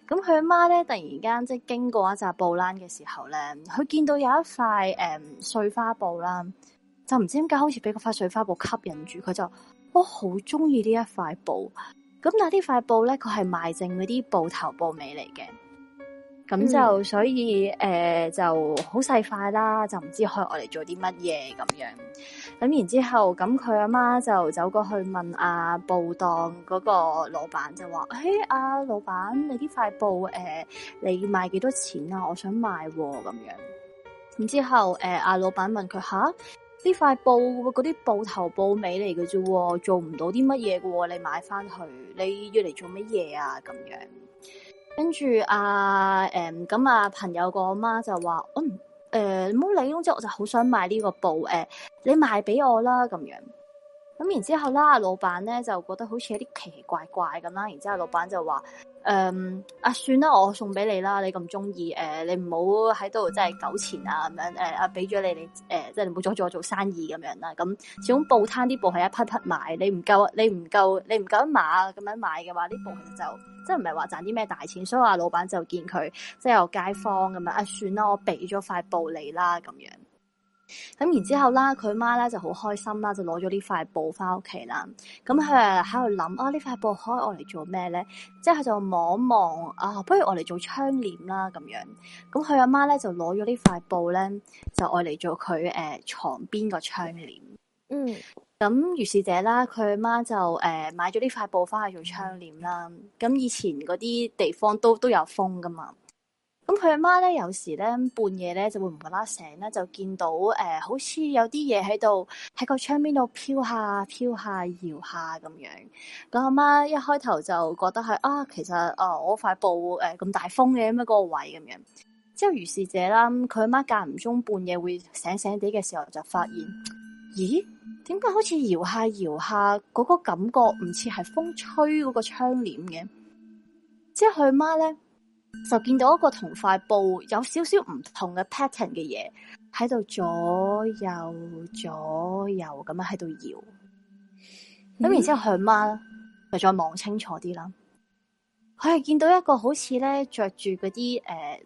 咁佢媽咧突然間即係經過一扎布欄嘅時候咧，佢見到有一塊誒、呃、碎花布啦。就唔知點解，好似俾嗰塊水花布吸引住，佢就我好中意呢一塊布。咁但係呢塊布咧，佢係賣剩嗰啲布頭布尾嚟嘅。咁就、嗯、所以誒就好細塊啦，就唔知可以我嚟做啲乜嘢咁樣。咁然之後，咁佢阿媽就走過去問阿布檔嗰個老闆就話：，誒，阿老闆，你啲塊布誒、呃，你賣幾多錢啊？我想買咁、啊、樣。然之後，誒、呃，阿老闆問佢吓。呢塊布，嗰啲布頭布尾嚟嘅啫，做唔到啲乜嘢嘅，你買翻去，你要嚟做乜嘢啊？咁樣，跟住啊。誒咁啊朋友個阿媽就話，嗯，唔誒唔理，總之、嗯嗯、我就好想買呢個布，誒、嗯、你賣俾我啦咁樣。咁然之後啦，老闆咧就覺得好似有啲奇奇怪怪咁啦。然之後老闆就話，誒，啊，算啦，我送俾你啦，你咁中意，誒、呃，你唔好喺度即係糾纏啊咁樣。誒，啊，俾、呃、咗你，你誒、呃，即係你唔好阻住我做生意咁樣啦。咁、嗯，始終布攤呢，布係一匹匹買，你唔夠，你唔夠，你唔夠一碼咁樣買嘅話，呢布其實就即係唔係話賺啲咩大錢。所以話老闆就見佢即係有街坊咁樣，啊，算啦，我俾咗塊布你啦，咁樣。咁然之後啦，佢媽咧就好開心啦，就攞咗呢塊布翻屋企啦。咁佢喺度諗啊，呢塊布可以愛嚟做咩咧？即係就望望啊，不如愛嚟做窗簾啦咁樣。咁佢阿媽咧就攞咗呢塊布咧，就愛嚟做佢誒、呃、床邊個窗簾。嗯，咁如是者啦，佢阿媽就誒、呃、買咗呢塊布翻去做窗簾啦。咁以前嗰啲地方都都有風噶嘛。咁佢阿媽咧，有時咧半夜咧就會唔會啦醒咧，就見到誒、呃，好似有啲嘢喺度喺個窗邊度飄下飄下搖下咁樣。咁阿媽一開頭就覺得係啊，其實啊我塊布誒咁大風嘅咩嗰個位咁樣。之後如是者啦，佢阿媽間唔中半夜會醒醒啲嘅時候就發現，咦，點解好似搖下搖下嗰、嗰個感覺唔似係風吹嗰個窗簾嘅？即係佢阿媽咧。就見到一個同塊布有少少唔同嘅 pattern 嘅嘢，喺度左右左右咁樣喺度搖，咁、嗯、然之後佢媽就再望清楚啲啦。佢係見到一個好似咧着住嗰啲誒，即係、呃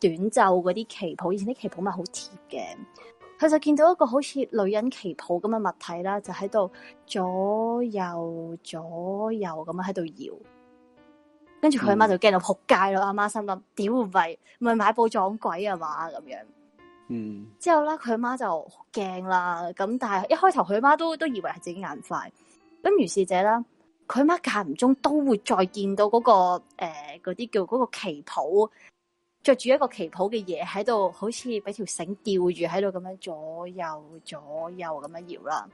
就是、短袖嗰啲旗袍，以前啲旗袍咪好貼嘅。佢就見到一個好似女人旗袍咁嘅物體啦，就喺度左右左右咁樣喺度搖。跟住佢阿媽就驚到扑街咯，阿、嗯、媽心諗：屌咪咪買布撞鬼啊嘛咁樣。嗯。之後咧，佢阿媽就驚啦，咁但係一開頭佢阿媽都都以為係自己眼快。咁如是者啦，佢阿媽間唔中都會再見到嗰、嗰個誒嗰啲叫嗰個旗袍，着住一個旗袍嘅嘢喺度，好似俾條繩吊住喺度咁樣左右左右咁樣搖啦。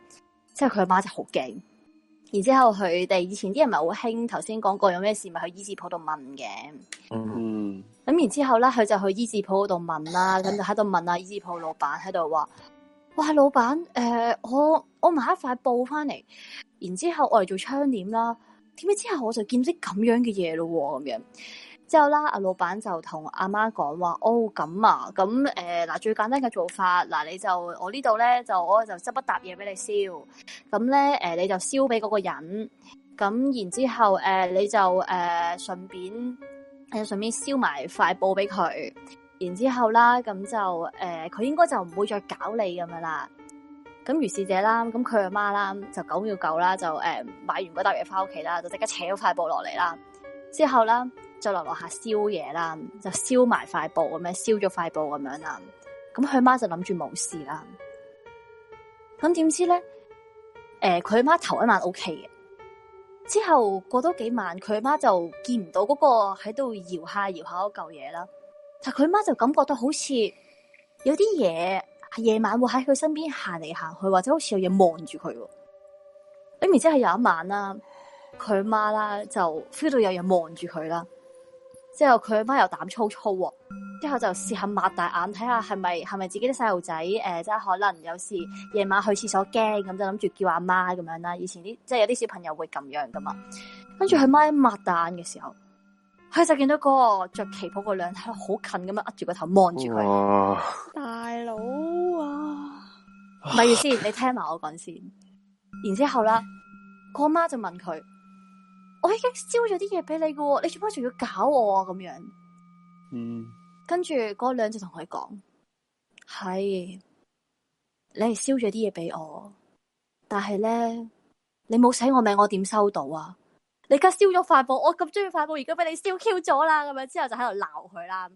即係佢阿媽就好驚。然之後佢哋以前啲人咪好興，頭先講過有咩事咪去衣紙舖度問嘅。嗯、mm -hmm.，咁然之後咧，佢就去衣紙舖度問啦，咁就喺度問啊，衣紙舖老闆喺度話：，哇，老闆，誒、呃，我我買一塊布返嚟，然之後我嚟做窗簾啦。點解之後我就見識咁樣嘅嘢咯？咁樣。之後啦，阿老闆就同阿媽講話：，哦咁啊，咁誒嗱，最簡單嘅做法嗱、呃，你就我呢度咧，就我就執一沓嘢俾你燒，咁咧誒，你就燒俾嗰個人，咁然之後誒、呃，你就誒順、呃、便誒順、呃、便燒埋塊布俾佢，然之後啦，咁就誒佢、呃、應該就唔會再搞你咁樣啦。咁如是者啦，咁佢阿媽啦就九秒九啦，就誒、呃、買完嗰沓嘢翻屋企啦，就即刻扯咗塊布落嚟啦，之後啦。就落落下燒嘢啦，就燒埋塊布咁樣，燒咗塊布咁樣啦。咁佢媽就諗住冇事啦。咁點知咧？誒，佢媽頭一晚 O K 嘅，之後過多幾晚，佢媽就見唔到嗰個喺度搖下搖下嗰嚿嘢啦。但佢媽就感覺到好似有啲嘢夜晚會喺佢身邊行嚟行去，或者好似有嘢望住佢。Amy 即係有一晚啦，佢媽啦就 feel 到有人望住佢啦。之後佢媽又膽粗粗、啊，之後就試下擘大眼睇下係咪係咪自己啲細路仔，誒、呃，即係可能有時夜晚去廁所驚咁，就諗住叫阿媽咁樣啦。以前啲即係有啲小朋友會咁樣噶嘛。跟住佢媽一擘大眼嘅時候，佢就見到個着旗袍個娘好近咁樣握住個頭望住佢，大佬啊！咪住先，你聽埋我講先。然之後啦，個阿媽就問佢。我已經燒咗啲嘢俾你嘅，你做咩仲要搞我啊？咁樣，嗯，跟住嗰兩就同佢講，係你係燒咗啲嘢俾我，但係咧你冇寫我名，我點收到啊？你而家燒咗塊布，我咁中意塊布，而家俾你燒 Q 咗啦，咁樣之後就喺度鬧佢啦。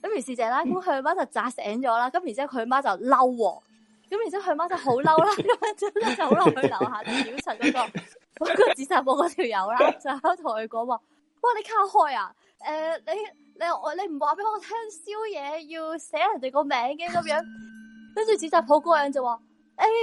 咁於是謝奶公佢媽就炸醒咗啦，咁、嗯、然之後佢媽就嬲，咁然之後佢媽就好嬲啦，咁樣就走落 去樓下屌陳嗰個。 嗰個紙紮舖嗰條友啦，就喺同佢講話：，哇，你卡開啊！誒、呃，你你我你唔話俾我聽，宵夜要寫人哋個名嘅咁樣。跟住紙紮舖嗰人就話：，誒、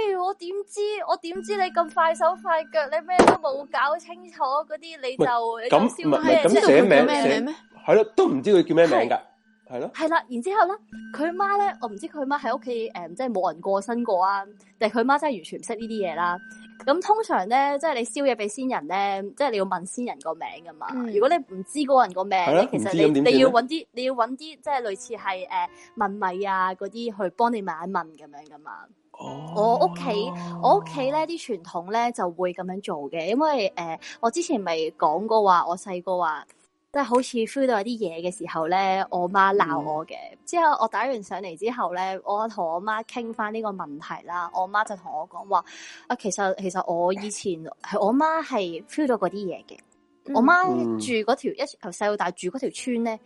欸，我點知？我點知你咁快手快腳？你咩都冇搞清楚嗰啲，你就咁燒咩？咁寫名咩名？咩係咯？都唔知佢叫咩名噶，係咯？係啦，然之後咧，佢媽咧，我唔知佢媽喺屋企，誒、嗯，即係冇人過身過啊，但係佢媽真係完全唔識呢啲嘢啦。咁通常咧，即係你燒嘢俾先人咧，即係你要問先人個名噶嘛、嗯。如果你唔知嗰個人個名，呢，其實你你要搵啲，你要搵啲，即係類似係誒、呃、問米啊嗰啲去幫你問一問咁樣噶嘛。Oh. 我屋企我屋企咧啲傳統咧就會咁樣做嘅，因為誒、呃、我之前咪講過話，我細個話。即係好似 feel 到有啲嘢嘅時候咧，我媽鬧我嘅，嗯。之後我打完上嚟之後咧，我同我媽傾翻呢個問題啦。我媽就同我講話：啊，其實其實我以前係我媽係 feel 到嗰啲嘢嘅。我媽、嗯、住嗰條一由細到大住嗰條村咧，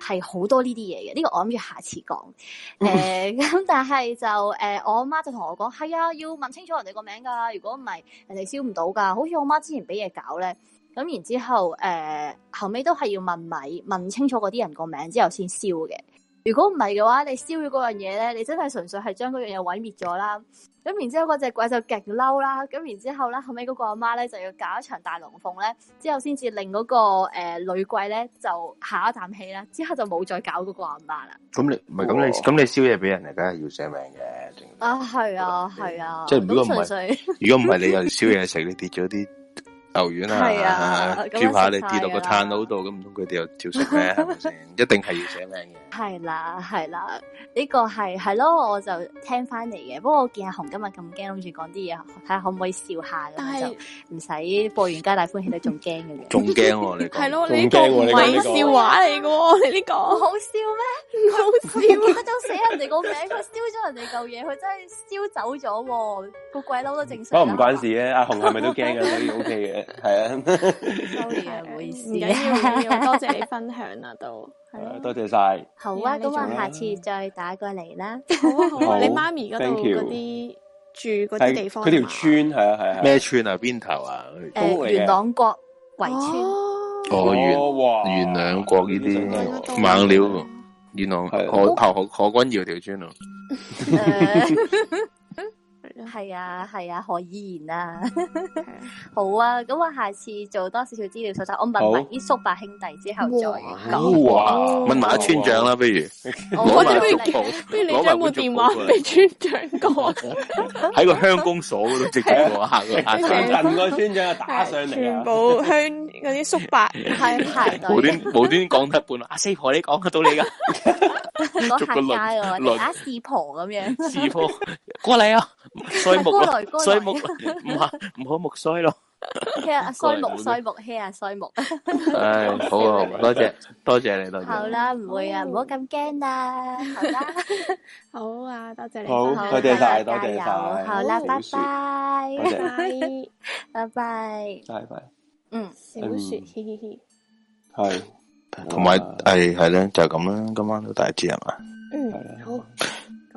係好多呢啲嘢嘅。呢，這個我諗住下次講。誒、嗯，咁、呃、但係就誒、呃，我媽就同我講：係 啊，要問清楚人哋個名噶，如果唔係人哋消唔到噶。好似我媽之前俾嘢搞咧。咁然之後，誒、呃、後尾都係要問米，問清楚嗰啲人個名之後先燒嘅。如果唔係嘅話，你燒咗嗰樣嘢咧，你真係純粹係將嗰樣嘢毀滅咗啦。咁然之後，嗰隻鬼就勁嬲啦。咁然之後咧，後尾嗰個阿媽咧就要搞一場大龍鳳咧，之後先至令嗰、那個誒、呃、女鬼咧就下一啖氣啦。之後就冇再搞嗰個阿媽啦。咁你唔係咁你咁、哦、你燒嘢俾人嚟梗係要寫名嘅。啊，係啊，係啊，即係、啊啊、如果唔係，如果唔係 你又燒嘢食，你跌咗啲。牛丸啊，咁、啊啊、上下你跌落個炭爐度，咁唔通佢哋又跳出咩？一定係要寫名嘅。係啦，係啦，呢、這個係係咯，我就聽翻嚟嘅。不過我見阿紅今日咁驚，諗住講啲嘢，睇下可唔可以笑下，但係就唔使播完皆大歡喜、啊，你仲驚嘅？仲驚我？你係咯？你個唔係笑話嚟嘅？你呢個好笑咩？好笑，， 都笑啊！就寫人哋個名，佢燒咗人哋嚿嘢，佢真係燒走咗個鬼佬都正常。不過唔關事嘅，阿紅係咪都驚嘅？呢啲 O K 嘅。係啊，收嘢係回事，唔好意思。 唔緊要，多謝你分享啊，都係多謝晒，好啊，咁啊，下次再打過嚟啦，好，、啊 好啊，你媽咪嗰度啲住嗰啲地方是，佢條村係啊係啊，咩、啊啊、村啊，邊頭啊，、呃那個、啊，元朗國圍村，哦、啊，元哇，元朗國呢啲猛料，元朗河頭河何君堯條村啊。 呃 係啊，係啊，何依然啊。 好啊，咁我下次做多少少資料搜集，我問埋啲叔伯兄弟之後再講，問埋阿村長啦，比如部啊、我知不如攞埋啲村長嘅電話，俾、 啊啊、村長講，喺個鄉公所嗰度接住我客啊，近個村長就打上嚟，全部鄉嗰啲叔伯係排隊，無端無端講得半，阿四婆你講得到你噶，講客家嘅，而家四婆咁樣，四婆過嚟啊！ 衰木咯，衰木唔好唔好木衰咯。hea 啊衰木衰木 hea 啊衰木。唉，好啊好啊，多謝多謝你多謝。好啦，唔會啊，唔好咁驚啦，好啦，好啊，多謝你。好，多謝晒，多謝晒。好啦，拜拜拜拜拜拜。拜拜。嗯。小雪，係，同埋係係咧，就係咁啦。今晚都大支係嘛？嗯，好。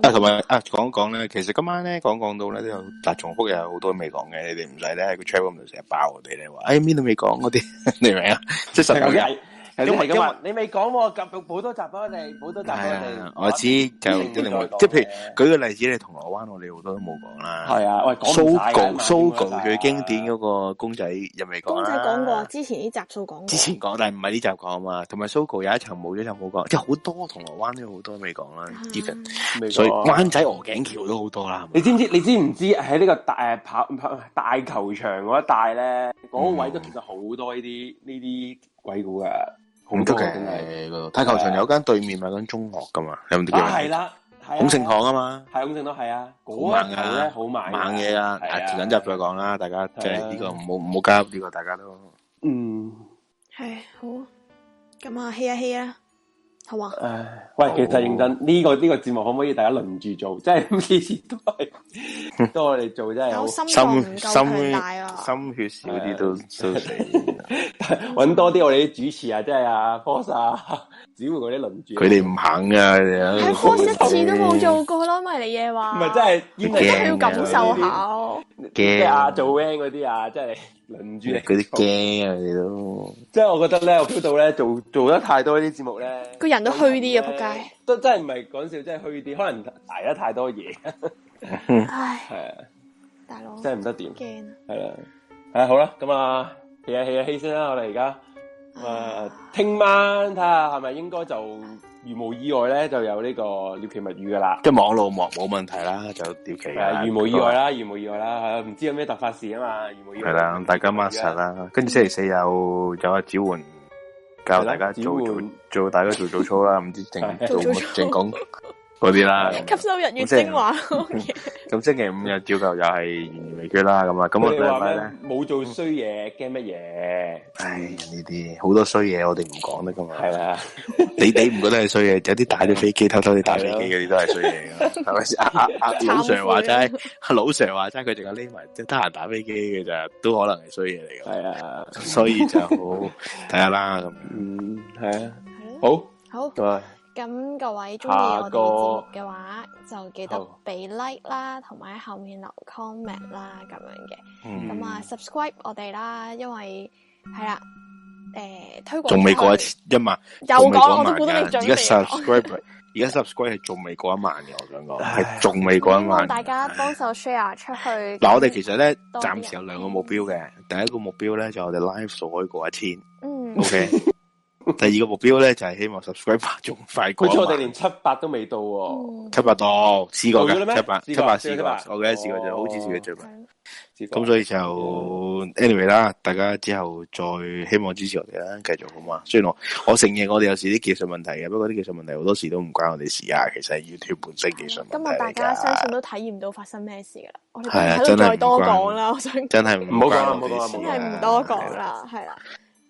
啊，同埋啊，講講呢，其實今晚呢講講到呢，咧，有達重複有好多未講嘅，你哋唔使呢，喺個 channel 度成日爆我哋話，哎 I mean，咩都未講嗰啲， 你明啊？即係十九在。 你因為咁，你未講，咁好多集，多集啊，你、啊、哋，好多集俾我我知就一定冇，即係譬如舉個例子，你銅鑼灣我哋好多都冇講啦。係啊，喂，Sogo、啊、Sogo、啊、Sogo 最經典嗰個公仔有未講？公仔講過、啊、過，之前呢集數講。之前講，但係唔係呢集講啊嘛。同埋 Sogo 有一層冇，有一層冇講，即係好多銅鑼灣都好多未講啦，Evan。所以灣仔鵝頸橋都好多啦。你知唔知？你知唔知喺呢個大誒、啊、跑，跑大球場嗰一帶咧，嗰、嗯那個、位都其實好多呢啲呢啲鬼故㗎。唔得嘅，嗰個，大球場有間對面咪間中學噶嘛，有冇啲叫？啊，係啦，孔聖堂啊嘛，係孔聖堂係啊，好猛啊，好猛，猛嘢啊，啊，等陣再講啦，大家即係呢個唔好唔好急，呢個大家都，嗯，係好，咁啊，氣一氣啦。係啊、呃！喂，其實認真呢、呢個呢、呢個節目可唔可以大家輪住做？即係次次都係都我哋做，真係 心心,、啊、心,心血心血少啲都都死，揾 多啲我哋啲主持是啊，即係阿 Force 啊，只、啊啊、會嗰啲輪住。佢哋唔肯啊 Force 一次都冇做過咯，咪你嘢話？唔係真係，要感受下啊？做 band 嗰啲啊，真啊啊哦、即係、啊。諗住嚟嗰啲驚啊！你都即係我覺得咧，我扑到咧做做得太多呢啲節目咧，個人都虛啲啊！扑街、啊、都真係唔係講笑，真係虛啲，可能捱得太多嘢。係 啊，大佬真係唔得掂，驚啊！係啊，唉好啦，咁啊起呀起呀，起先啦、啊，我哋而家啊，聽、啊、晚睇下係咪應該就。如無意外咧，就有呢、這個獵奇物語噶、啊、啦。即係網絡冇冇問題啦，就獵奇。係如無意外啦，如無意外啦，唔、啊、知有咩突發事啊嘛。如係啦，大家 m a t 啦。跟住星期四有有阿子換教大家做做，做，做大家做早操啦，唔知淨做乜淨講。 嗰啲啦，吸收日月精華。咁星期五日照舊又係源源未絕啦，咁啊，咁我哋話咩咧？冇做衰嘢，驚乜嘢？哎呀，呢啲好多衰嘢，我哋唔講得噶嘛。係啦，你哋唔覺得係衰嘢？有啲打啲飛機，偷偷哋打飛機嗰啲都係衰嘢啊，係咪先？阿阿阿老 Sir 話齋，阿老 Sir 話齋，佢仲有匿埋，即係得閒打飛機嘅就都可能係衰嘢嚟噶。係啊，所以就睇下啦，咁嗯，係啊，好，好，係嘛。咁各位中意我哋節目嘅話，就記得俾 like 啦，同埋喺後面留 comment 啦，咁樣嘅。咁、嗯、啊，subscribe 我哋啦，因為係啦，誒、呃，推廣仲未過一千，一萬，又講我都估到你。而家 subscribe，而家 subscribe 係仲未過一萬嘅，我想講係仲未過一萬。希望大家幫手 share 出去。嗱，我哋其實咧暫時有兩個目標嘅，第一個目標咧就係、我哋 live 數可以過一千，嗯，OK。 第二個目標咧就係、是、希望 subscriber 仲快過，佢我哋連七百都未到、哦嗯，七百度試、哦、過嘅，七百四七百試過，我記得試過就好似持嘅最慢。咁所以就、嗯、anyway 啦，大家之後再希望支持我哋啦，繼續好嘛。雖然我我承認我哋有啲啲技術問題嘅，不過啲技術問題好多時都唔關我哋事啊。其實係 YouTube 本身技術問題。今日大家相信都體驗到發生咩事噶啦，我哋真係再多講啦，我想，想真係唔好講啦，好真係唔、啊、多講啦，係啦。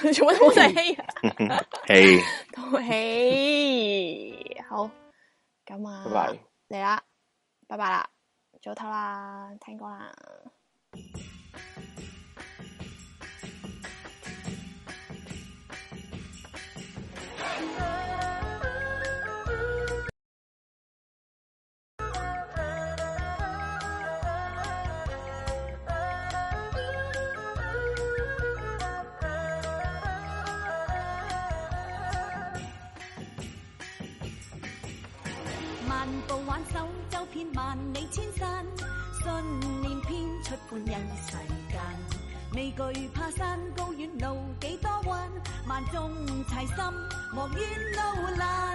做乜都冇氣啊！氣，套氣，好咁啊！嚟啦，拜拜啦，早唞啦，聽歌啦。歡欣世間，未懼怕山高遠路幾多彎，萬眾齊心，莫怨路難。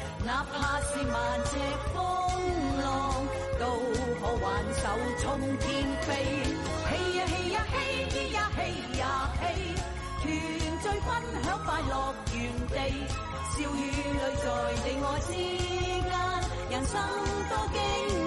哪怕是萬尺風浪，都可挽手衝天飛。嘿呀嘿呀嘿呀嘿呀嘿，團聚分享快樂園地，笑與淚在你我之間，人生多驚。